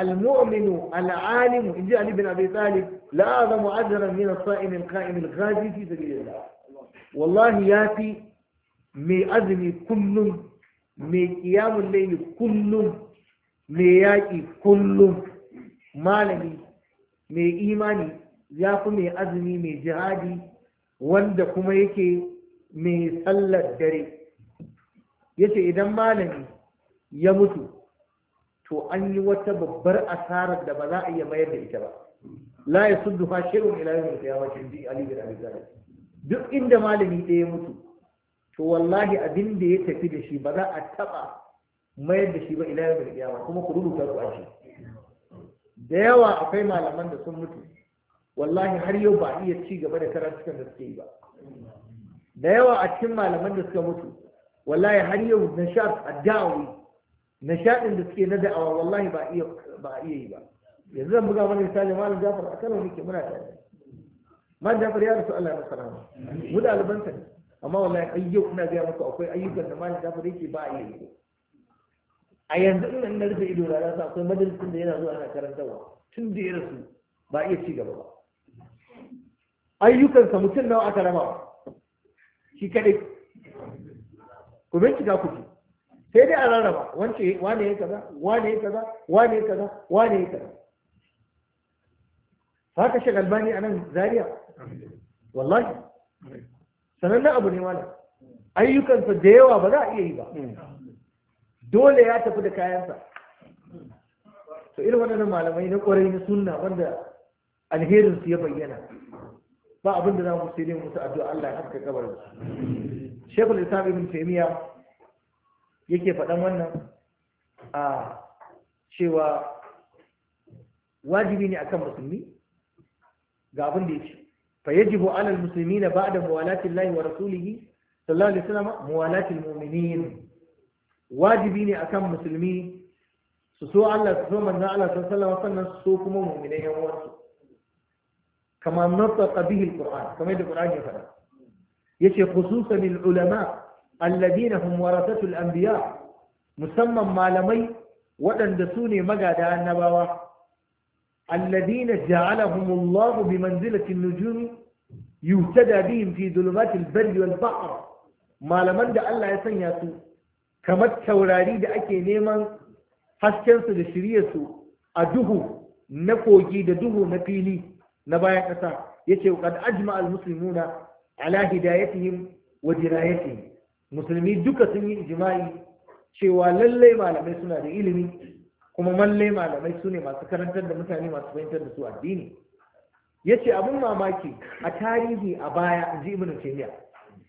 المؤمن العالم إن جاء ابن أبي طالب لأعظم أجرا من الصائم القائم الغازي في سبيل الله والله ياتي مي أزمي كل مي قيام الليل كل مي ياكي كل malami mai imani ya fi mai azumi mai jihadi wanda kuma yake mai sallar dare yace idan malami ya mutu to an yi wata babbar asarar da ba za a iya mayar da ita ba la ya sudu fa shay'un ila yawm al-qiyamah bi ali bin abi talib duk inda malami ɗaya ya mutu to wallahi abin da ya tafi da shi ba za a taba mayar da shi ba ila yawm al-qiyamah kuma ku rubuta ku ashi da yawa akwai malaman da sun mutu wallahi har yau ba iya ci gaba da karantukan da suke yi ba da yawa a cikin malaman da suka mutu wallahi har yau na sha addawi nishadin da suke na da'awa wallahi ba iya ba a iya yi ba yanzu zan buga mana misali malam Jafar a Kano muke muna tare malam Jafar ya rasu Allah ya masa rahama mu da albanta ne amma wallahi ayyau ina ga maka akwai ayyukan da malam Jafar yake ba a iya yi a yanzu ina na rufe ido da rasa akwai majalisin da yana zuwa ana karantarwa tun da ya rasu ba iya ci gaba ba ayyukansa mutum nawa aka raba shi kadai ku bincika ku ji sai dai a rarraba wance wane ya kaza wane ya kaza wane ya kaza wane ya kaza haka galbani a nan zariya wallahi sanannen abu ne wani ayyukansa da yawa ba za a iya yi ba dole ya tafi da kayansa to irin waɗannan malamai na ƙwarai na sunna wanda alherinsu ya bayyana ba abin da za mu sai dai musu addu'a Allah ya haska kabarin shekul islam ibn taymiya yake faɗan wannan a cewa wajibi ne akan musulmi ga abin da yake fa yajibu alal muslimina ba'da muwalati Allah wa rasulihi sallallahu alaihi wasallam muwalati almu'minin wajibi ne akan musulmi su so Allah su so manzon Allah sallallahu alaihi wasallam su so kuma mu'minai yan uwansu kama nasa bihi alquran kamar da qur'ani ya faɗa yace khususan ulama alladina hum warasatul anbiya musamman malamai waɗanda su ne magada annabawa alladina ja'alahumullahu bi manzilatin nujumi yuhtada bihim fi dhulumatil barri wal bahr malaman da Allah ya sanya su kamar taurari da ake neman hasken su da shiryarsu su a duhu na kogi da duhu na fili na bayan ƙasa yace qad ajma al muslimuna ala hidayatihim wa dirayatihim musulmi duka sun yi ijima'i cewa lallai malamai suna da ilimi kuma mallai malamai su ne masu karantar da mutane masu fahimtar da su addini Ya ce abin mamaki a tarihi a baya ji ibn taymiya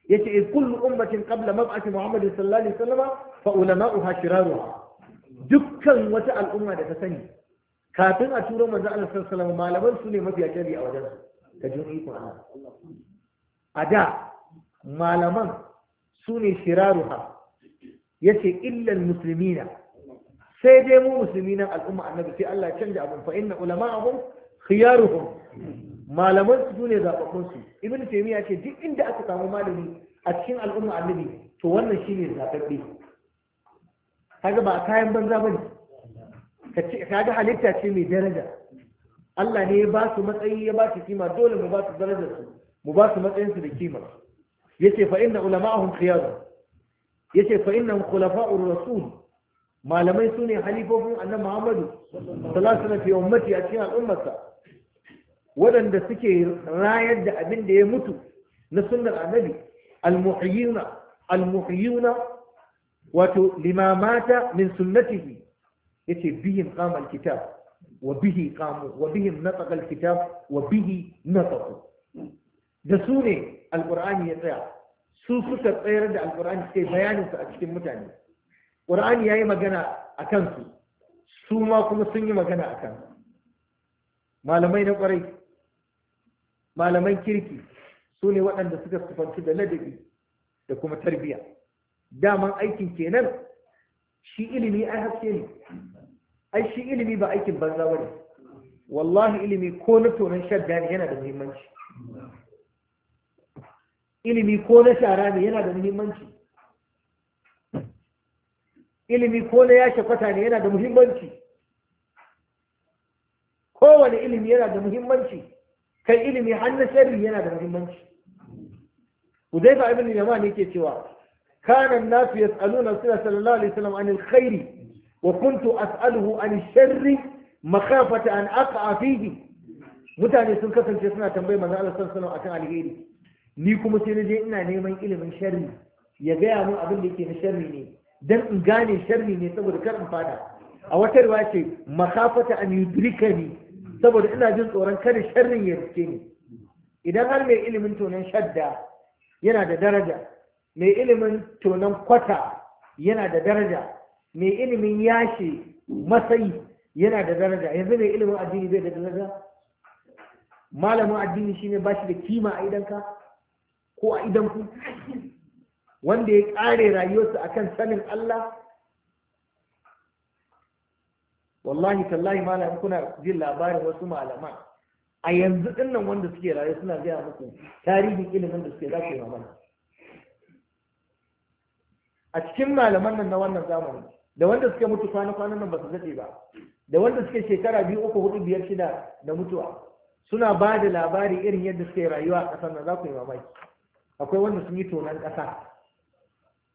yace iz kullu ummatin qabla mab'ati muhammad sallallahu alaihi wasallam fa ulama'uha shiraruha dukkan wata al'umma da ta sani kafin a turo manzo Allah sallallahu alaihi malaman su ne mafiya kyali a wajen ka jin ikon Allah a da malaman Sune ne shiraruha ya ce illal musulmina sai dai mu musulmi al'umma annabi sai Allah ya canja abin fa inna ulama'ahum khiyaruhum malaman su sune zababbun su ibnu taymiya ce duk inda aka samu malami a cikin al'umma annabi to wannan shine zababbe kaga ba kayan banza bane kaga halitta ce mai daraja Allah ne ya ba su matsayi ya ba su kima dole mu ba su darajar su mu ba su matsayin su da kima yace fa inna ulama'ahum khiyar yace fa innahum khulafa'ur rasul malamai sune halifofin annabi Muhammadu sallallahu alaihi wasallam fi ummati a cikin al'ummarsa waɗanda suke rayar da abin da ya mutu na sunnar annabi al-muhyina al-muhyina wato limamata min sunnatihi yace bihim qama al-kitab wa bihi qamu wa bihim nataqa al-kitab wa bihi nataqu da su ne alkur'ani ya tsaya su suka tsayar da alkur'ani sai bayanin su a cikin mutane qur'ani yayi magana a kansu su ma kuma sun yi magana a malamai na kwarai malaman kirki su ne waɗanda suka sufanci da ladabi da kuma tarbiyya daman aikin kenan shi ilimi ai haske ne ai shi ilimi ba aikin banza bane wallahi ilimi ko na tonon shadda ne yana da muhimmanci ilimi ko na shara ne yana da muhimmanci ilimi ko na yashe kwata ne yana da muhimmanci kowane ilimi yana da muhimmanci kai ilimi har na sharri yana da muhimmanci Hudayfa ibn Yaman ne ke cewa kana an-nasu yas'aluna suna sallallahu alaihi wasallam anil khairi wa kuntu as'aluhu anil sharri makhafata an aqa fihi mutane sun kasance suna tambayar manzo Allah sallallahu alaihi wasallam akan alheri ni kuma sai na je ina neman ilimin sharri ya gaya mun abin da yake na sharri ne dan in gane sharri ne saboda kar in fada a wata ruwa ce makafata an yudrikani saboda ina jin tsoron kada sharrin ya rike ni idan har mai ilimin tonon shadda yana da daraja mai ilimin tonon kwata yana da daraja mai ilimin yashi masai yana da daraja yanzu mai ilimin addini zai da daraja malamin addini shine ba shi da kima a idanka ko a idan ku wanda ya kare rayuwarsa akan sanin Allah wallahi tallahi malam kuna jin labarin wasu malama. a yanzu dinnan wanda suke rayuwa suna gaya muku tarihin ilimin da suke za ku yi a cikin malaman nan na wannan zamani da wanda suke mutu kwana-kwanan nan ba su daɗe ba da wanda suke shekara biyu uku hudu biyar shida da mutuwa suna ba da labari irin yadda suke rayuwa a ƙasar nan za ku yi mamaki akwai wanda sun yi tonon ƙasa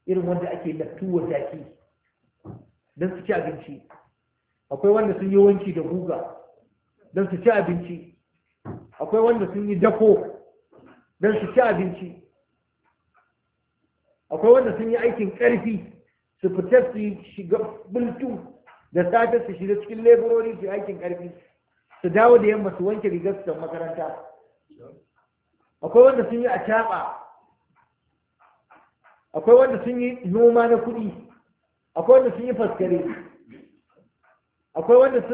irin wanda ake lattuwa jaki don su ci abinci akwai wanda sun yi wanki da guga don su ci abinci akwai wanda sun yi dako don su ci abinci akwai wanda sun yi aikin ƙarfi su fita su shiga bultu da safe su shiga cikin leburori su aikin ƙarfi su dawo da yamma su wanke rigar su makaranta akwai wanda sun yi a caɓa akwai wanda sun yi noma na kuɗi akwai wanda sun yi faskare akwai wanda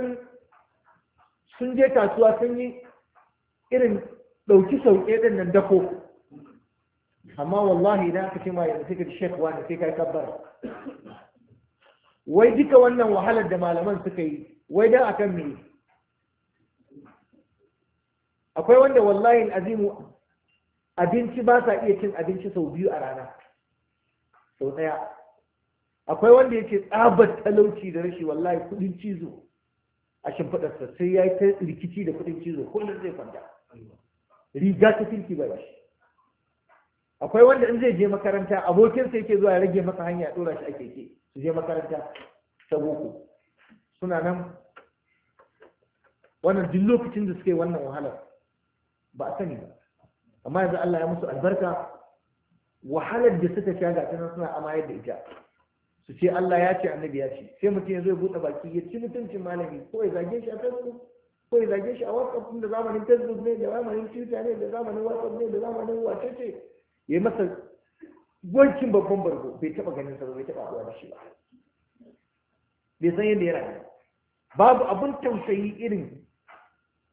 sun je kasuwa sun yi irin ɗauki sauƙe ɗin nan dako amma wallahi idan aka ce ma yanzu sai ka ji shekwa ne sai ka yi kabbara wai duka wannan wahalar da malaman suka yi wai dan akan me akwai wanda wallahi azimu abinci ba sa iya cin abinci sau biyu a rana sau ɗaya akwai wanda yake tsabar talauci da rashi wallahi kudin cizo a shimfiɗarsa sai ya yi ta rikici da kudin cizo ko da zai kwanta riga ta kirki bai bashi akwai wanda in zai je makaranta abokinsa yake zuwa ya rage masa hanya ɗora shi a keke su je makaranta ta boko suna nan wannan duk lokacin da suke wannan wahalar ba a sani ba amma yanzu Allah ya musu albarka wahalar da suka sha gata nan suna amaye da ita su ce Allah ya ce annabi ya ce sai mutum ya zo ya buɗe baki ya ci mutuncin malami ko ya zage shi a facebook ko ya zage shi a whatsapp da zamanin facebook ne da zamanin twitter ne da zamanin whatsapp ne da zamanin wacece ya yi masa gwancin babban bargo bai taɓa ganin sa bai taɓa abuwa da shi ba bai san yadda ya rayu babu abin tausayi irin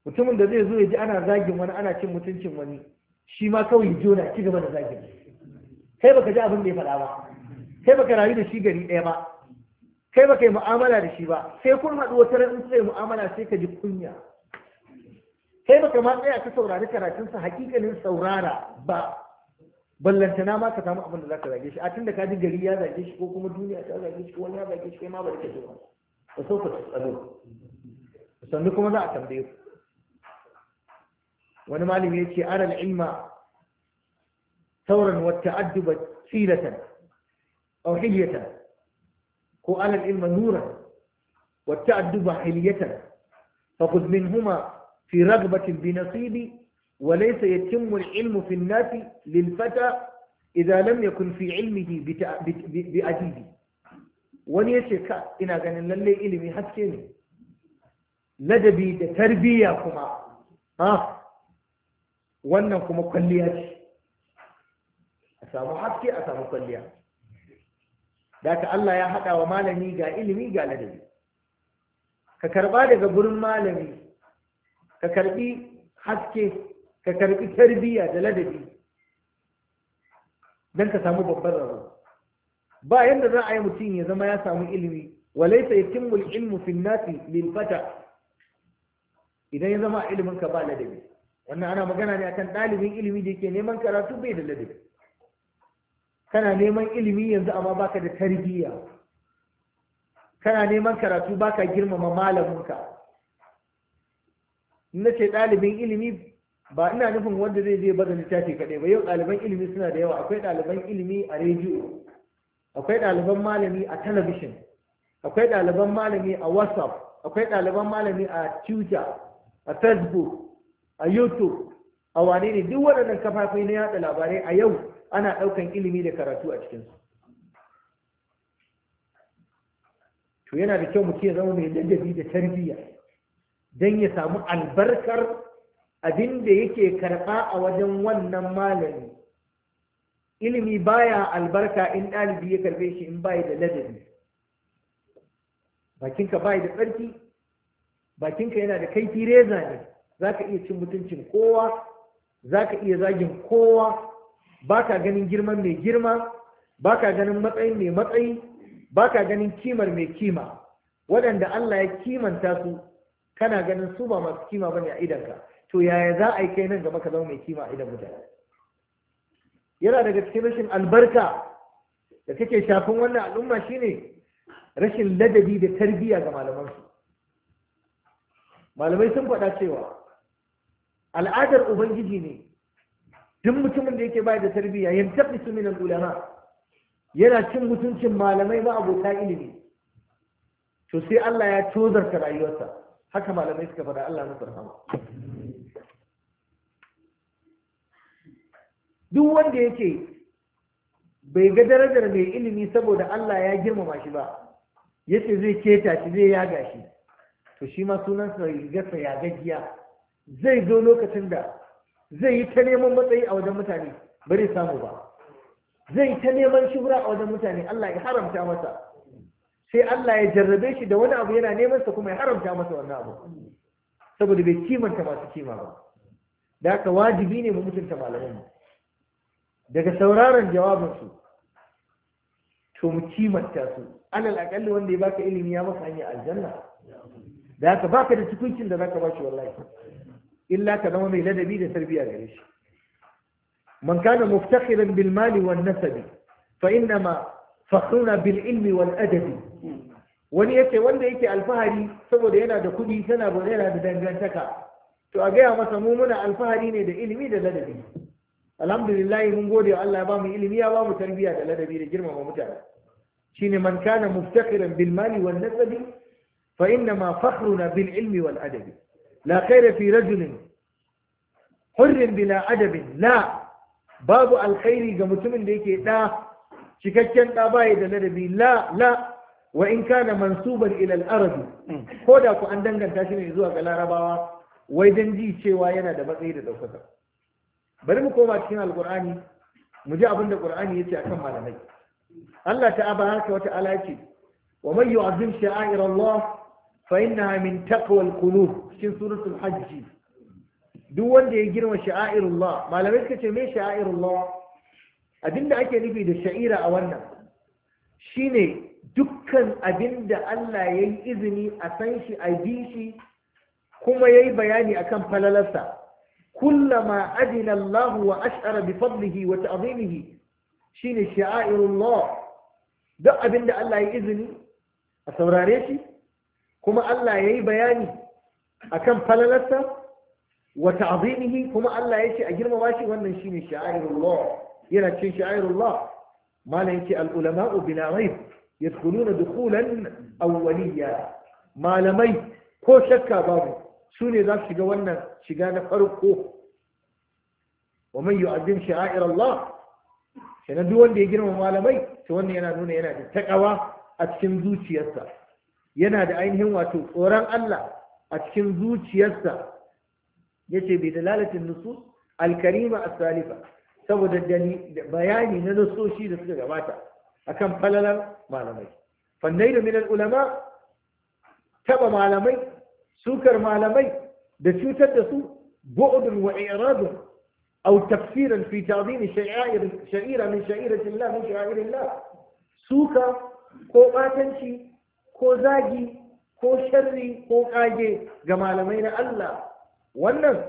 mutumin da zai zo ya ji ana zagin wani ana cin mutuncin wani shi ma kawai ya jona ci gaba da zagin kai baka ji abin da ya faɗa ba kai baka rayu da shi gari ɗaya ba kai baka yi mu'amala da shi ba sai kun haɗu wata ran in yi mu'amala sai ka ji kunya kai baka ma tsaya ka saurari karatunsa hakikanin saurara ba ballantana ma ka samu abin da zaka zage shi a da ka ji gari ya zage shi ko kuma duniya ta zage shi ko wani ya zage shi kai ma ba ka ji ba ka sauka tsaro sannu kuma za a tambaye ku wani malami ya ce aral ilma ثورا والتعدب سيلة أو حلية قال العلم نورا والتعدب حلية فخذ منهما في رغبة بنصيب وليس يتم العلم في الناس للفتى إذا لم يكن في علمه بأديب wani إن أغنى للي ina حسيني لدبي تربية كما ها ladabi da tarbiyya samu haske a samu kwalliya da Allah ya haɗa wa malami ga ilimi ga ladabi ka karɓa daga gurin malami ka karɓi haske ka karɓi tarbiyya da ladabi don ka samu babban rabu ba yadda za a yi mutum ya zama ya samu ilimi walaisa yatimmu ilmu fi nasi lil idan ya zama ilimin ka ba ladabi wannan ana magana ne akan ɗalibin ilimi da yake neman karatu bai da ladabi kana neman ilimi yanzu amma baka da tarbiyya kana neman karatu baka girmama malaminka na ce ɗalibin ilimi ba ina nufin wanda zai je bada littafi kaɗai ba yau ɗaliban ilimi suna da yawa akwai ɗaliban ilimi a rediyo akwai ɗaliban malami a talabishin akwai ɗaliban malami a whatsapp akwai ɗaliban malami a twitter a facebook a youtube a wane ne duk waɗannan kafafai na yaɗa labarai a yau ana ɗaukan ilimi da karatu a cikin cikinsu to yana da kyau muke ya zama mai ladabi da tarbiyya don ya samu albarkar abin da yake karɓa a wajen wannan malami ilimi baya albarka in ɗalibi ya karbe shi in bayi da ladabi bakinka bayi da tsarki bakinka yana da kaifi reza ne za ka iya cin mutuncin kowa za ka iya zagin kowa ba ka ganin girman mai girma ba ka ganin matsayin mai matsayi ba ka ganin kimar mai kima waɗanda Allah ya kimanta su kana ganin su ba masu kima ne a idanka to yaya za a yi kai nan gaba ka zama mai kima a idan mutane yana daga cikin rashin albarka da kake shafin wannan al'umma shine rashin ladabi da tarbiyya ga malamansu malamai sun faɗa cewa al'adar ubangiji ne duk mutumin da yake bai da tarbiyya yantaqisu su minan ulama yana cin mutuncin malamai ba abota ilimi to sai Allah ya tozarta rayuwarsa haka malamai suka fada Allah musu rahama duk wanda yake bai ga darajar mai ilimi saboda Allah ya girmama shi ba yace zai keta shi zai yaga shi to shi ma sunansa gasa ya gajiya zai zo lokacin da zai yi ta neman matsayi a wajen mutane bari samu ba zai yi ta neman shuhura a wajen mutane Allah ya haramta masa sai Allah ya jarrabe shi da wani abu yana neman sa kuma ya haramta masa wannan abu saboda bai kimanta masu kima ba da haka wajibi ne mu mutunta malaman mu daga sauraron jawabin su to mu kimanta su alal akalli wanda ya baka ilimi ya maka hanyar aljanna da haka baka da tukuncin da zaka bashi wallahi illa ka zama mai ladabi da tarbiyya gare shi man kana muftakhiran bil mali wan nasabi fa innama fakhruna bil ilmi wal adabi wani yace wanda yake alfahari saboda yana da kuɗi tana da yana da dangantaka to a gaya masa mu muna alfahari ne da ilimi da ladabi alhamdulillah mun gode wa Allah ya bamu ilimi ya bamu tarbiyya da ladabi da girmama mutane shine man kana muftakhiran bil mali wan nasabi fa inna fakhruna bil ilmi wal adabi la khaira fi rajulin hurrin bila adabin la babu alkhairi ga mutumin da yake da cikakken da baya da ladabi la la wa in kana mansuban ila al-arab ko da ku an danganta shi ne zuwa ga larabawa wai dan ji cewa yana da matsayi da daukaka bari mu koma cikin alqur'ani mu ji abin da qur'ani yace akan malamai Allah ta'ala haka wata ala ce wa man yu'azzim sha'air Allah فإنها من تقوى القلوب في سورة الحج duk wanda ya girma sha'airullah malamai suka ce me Abin abinda ake nufi da sha'ira a wannan shine dukkan abinda Allah ya yi izini a san shi a bi shi kuma ya yi bayani akan falalarsa kullama adina Allah wa ash'ara bi fadlihi wa ta'zimihi shine sha'airullah duk abinda Allah ya yi izini a saurare shi kuma Allah ya yi bayani akan falalarsa wata ta'zimihi kuma Allah ya ce a girmama shi wannan shine sha'airullah yana cikin sha'airullah malam yace al ulama'u bila rayb yadkhuluna dukhulan awwaliya malamai ko shakka babu su ne za su shiga wannan shiga na farko wa man yu'azzim sha'airullah sai duk wanda ya girmama malamai to wannan yana nuna yana da takawa a cikin zuciyarsa yana da ainihin wato tsoron Allah a cikin zuciyarsa yace bai dalalatin nusus al Alkarima as-salifa saboda bayani na nasoshi da suka gabata akan falalar malamai fannai da minan ulama taba malamai sukar malamai da cutar da su bu'udun wa iradun aw tafsiran fi ta'zim sha'ira min sha'irati Allah min suka ko ɓatanci. ko zagi ko sharri ko kage ga malamai na Allah wannan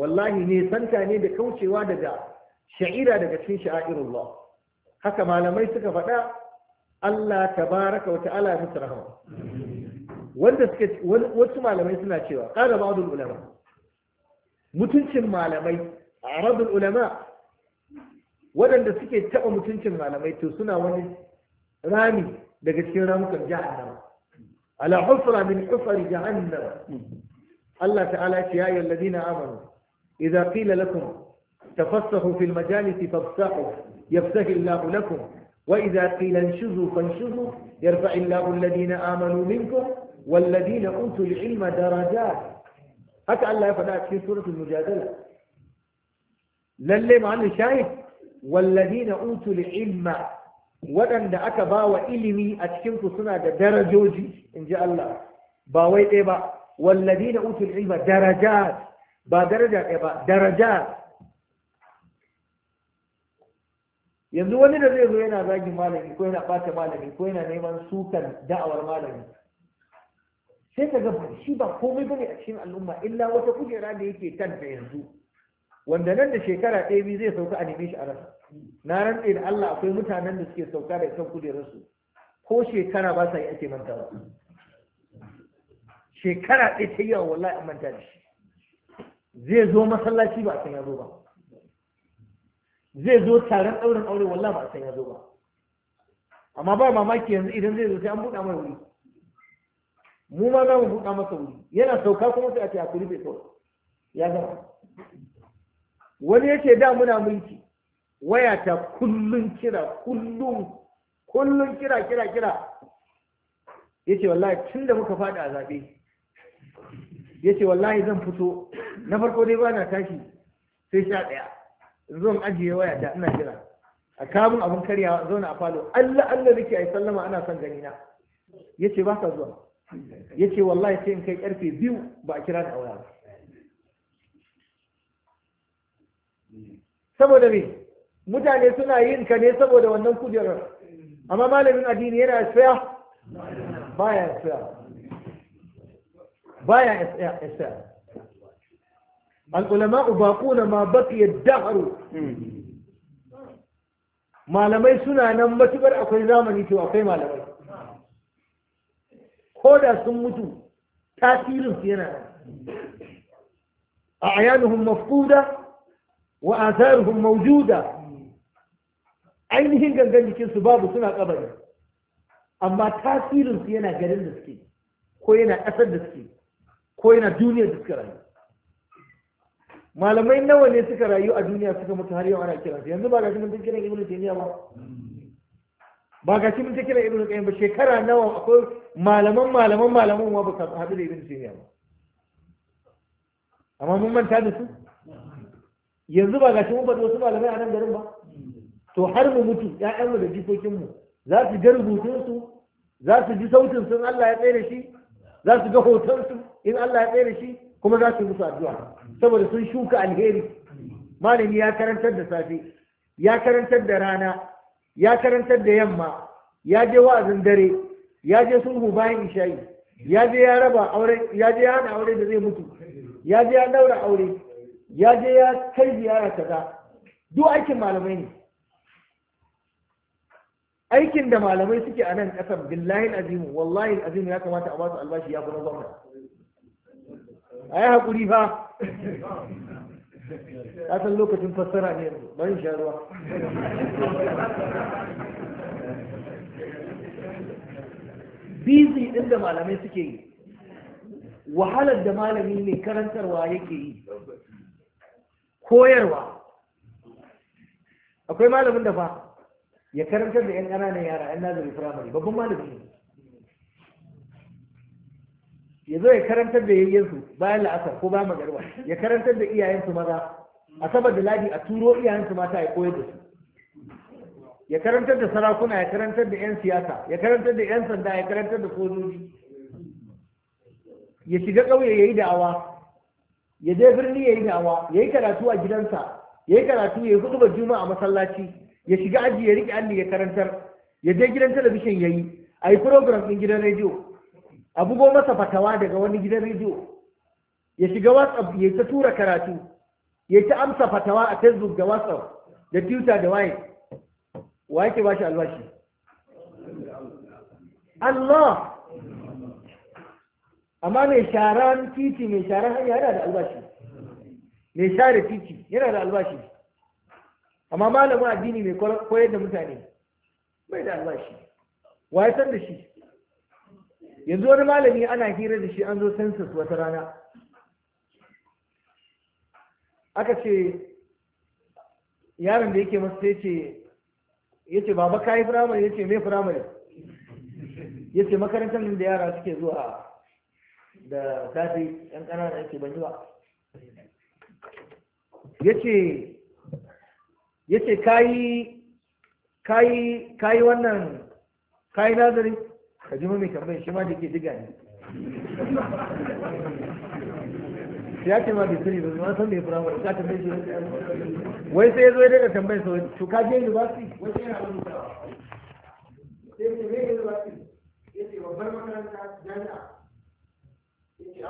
wallahi ne santa ne da kaucewa daga sha'ira daga cikin sha'irullah haka malamai suka faɗa Allah tabaraka wa ta'ala ya musu rahama wanda suka wasu malamai suna cewa qala ba'dul ulama mutuncin malamai aradul ulama waɗanda suke taɓa mutuncin malamai to suna wani rami daga cikin ramukan jihar jahannama على حفرة من حفر جهنم الله تعالى يا أيها الذين آمنوا إذا قيل لكم تفسحوا في المجالس فافسحوا يفسح الله لكم وإذا قيل انشزوا فانشزوا يرفع الله الذين آمنوا منكم والذين أوتوا العلم درجات حتى الله يفعلها في سورة المجادلة للي معنى شايف والذين أوتوا العلم waɗanda aka ba wa ilimi a cikinku suna da darajoji in ji Allah ba wai ɗaya ba wallabi na utul ilma daraja ba daraja ɗaya ba daraja yanzu wani da zai zo yana zagin malami ko yana ɓata malami ko yana neman sukan da'awar malami sai ka ga shi ba komai bane a cikin al'umma illa wata kujera da yake tanta yanzu wanda nan da shekara ɗaya biyu zai sauka a neme shi a rasa na rantse da Allah akwai mutanen da suke sauka da kan kujerarsu ko shekara ba sa yi ake mantawa shekara ɗaya ta yawa wallahi an manta da shi zai zo masallaci ba a san ya zo ba zai zo taron ɗaurin aure wallahi ba a san ya zo ba amma ba mamaki yanzu idan zai zo sai an buɗa mai wuri mu ma za mu buɗa masa wuri yana sauka kuma sai a ce a kuri bai sauka ya zama wani yake da muna mulki waya ta kullun kira kullun kullun kira kira kira yace wallahi tunda muka fada a zabe yace wallahi zan fito na farko dai bana tashi sai sha daya zan ajiye waya da ina kira a kamun abin karya zauna a falo Allah Allah nake ai sallama ana son gani na yace ba ka zuwa yace wallahi sai in kai karfe biyu ba a kira da aure ba saboda me mutane suna yin ka ne saboda wannan kujerar amma malamin addini yana tsaya baya tsaya baya tsaya al'ulama ubaquna ma baqiya dahru malamai suna nan matukar akwai zamani to akwai malamai ko da sun mutu tasirin su yana a ayanuhum mafquda wa atharuhum mawjuda ainihin gangan jikinsu babu suna kabari amma tasirinsu yana garin da suke ko yana ƙasar da suke ko yana duniyar da suka rayu malamai nawa ne suka rayu a duniya suka mutu har yau ana kira su yanzu ba ga mun ta kira ibnu taymiya ba ba ga mun ta kira ibnu qayyim ba shekara nawa akwai malaman malaman malaman ma ba ka haɗu da ibnu taymiya ba amma mun manta da su yanzu ba shi mun faɗi wasu malamai a nan garin ba to har mu mutu mu da jikokinmu za su ga rubutunsu za su ji sautin sun Allah ya tsere shi za su ga hotonsu in Allah ya tsere shi kuma za su yi musu addu'a saboda sun shuka alheri malami ya karantar da safe ya karantar da rana ya karantar da yamma ya je wa'azin dare ya je sulhu bayan isha'i ya je ya raba aure ya je ya hana aure da zai mutu ya je ya daura aure ya je ya kai ziyara kaza duk aikin malamai ne aikin da malamai suke a nan ƙasar billahi azim wallahi azim ya kamata a basu albashi ya kuma gwamna a yi haƙuri fa ya san lokacin fassara ne bari sha ruwa bizi ɗin da malamai suke yi wahalar da malami ne karantarwa yake yi koyarwa akwai malamin da fa ya karantar da 'yan ƙananan yara 'yan nazari firamare babban malamin ne ya zo ya karantar da su bayan la'asar ko bayan magarba ya karantar da iyayensu maza a saboda ladi a turo iyayensu mata ya koyar da su ya karantar da sarakuna ya karantar da 'yan siyasa ya karantar da 'yan sanda ya karantar da sojoji ya shiga ƙauye ya yi da'awa ya je birni ya yi dawa ya yi karatu a gidansa ya yi karatu ya yi hudubar juma'a a masallaci ya shiga aji ya riƙe alli ya karantar ya je gidan talabishin ya yi a yi program ɗin gidan rediyo a bugo masa fatawa daga wani gidan rediyo ya shiga whatsapp ya ta tura karatu ya ta amsa fatawa a facebook da whatsapp da twitter da waye wa yake ba shi albashi Allah amma mai sharan titi mai sharan hanya yana da albashi mai share titi yana da albashi amma malamin addini mai koyar da mutane bai da albashi wa ya san da shi yanzu wani malami ana hira da shi an zo census wata rana aka ce yaron da yake masu ce ya ce baba kayi firamare ya ce mai firamare ya ce makarantar da yara suke zuwa da safe yan ƙanana ake ban yi ba yace yace kayi kayi kayi wannan kayi nazari ka ji mai tambayin shi ma da ke diga ne ya ce ma bai sani ba ma san mai firamare ka tambaye shi wai sai ya zo ya daga tambayin sa to ka je university wai sai yana rubutawa sai ce me Ya ce babbar makaranta jami'a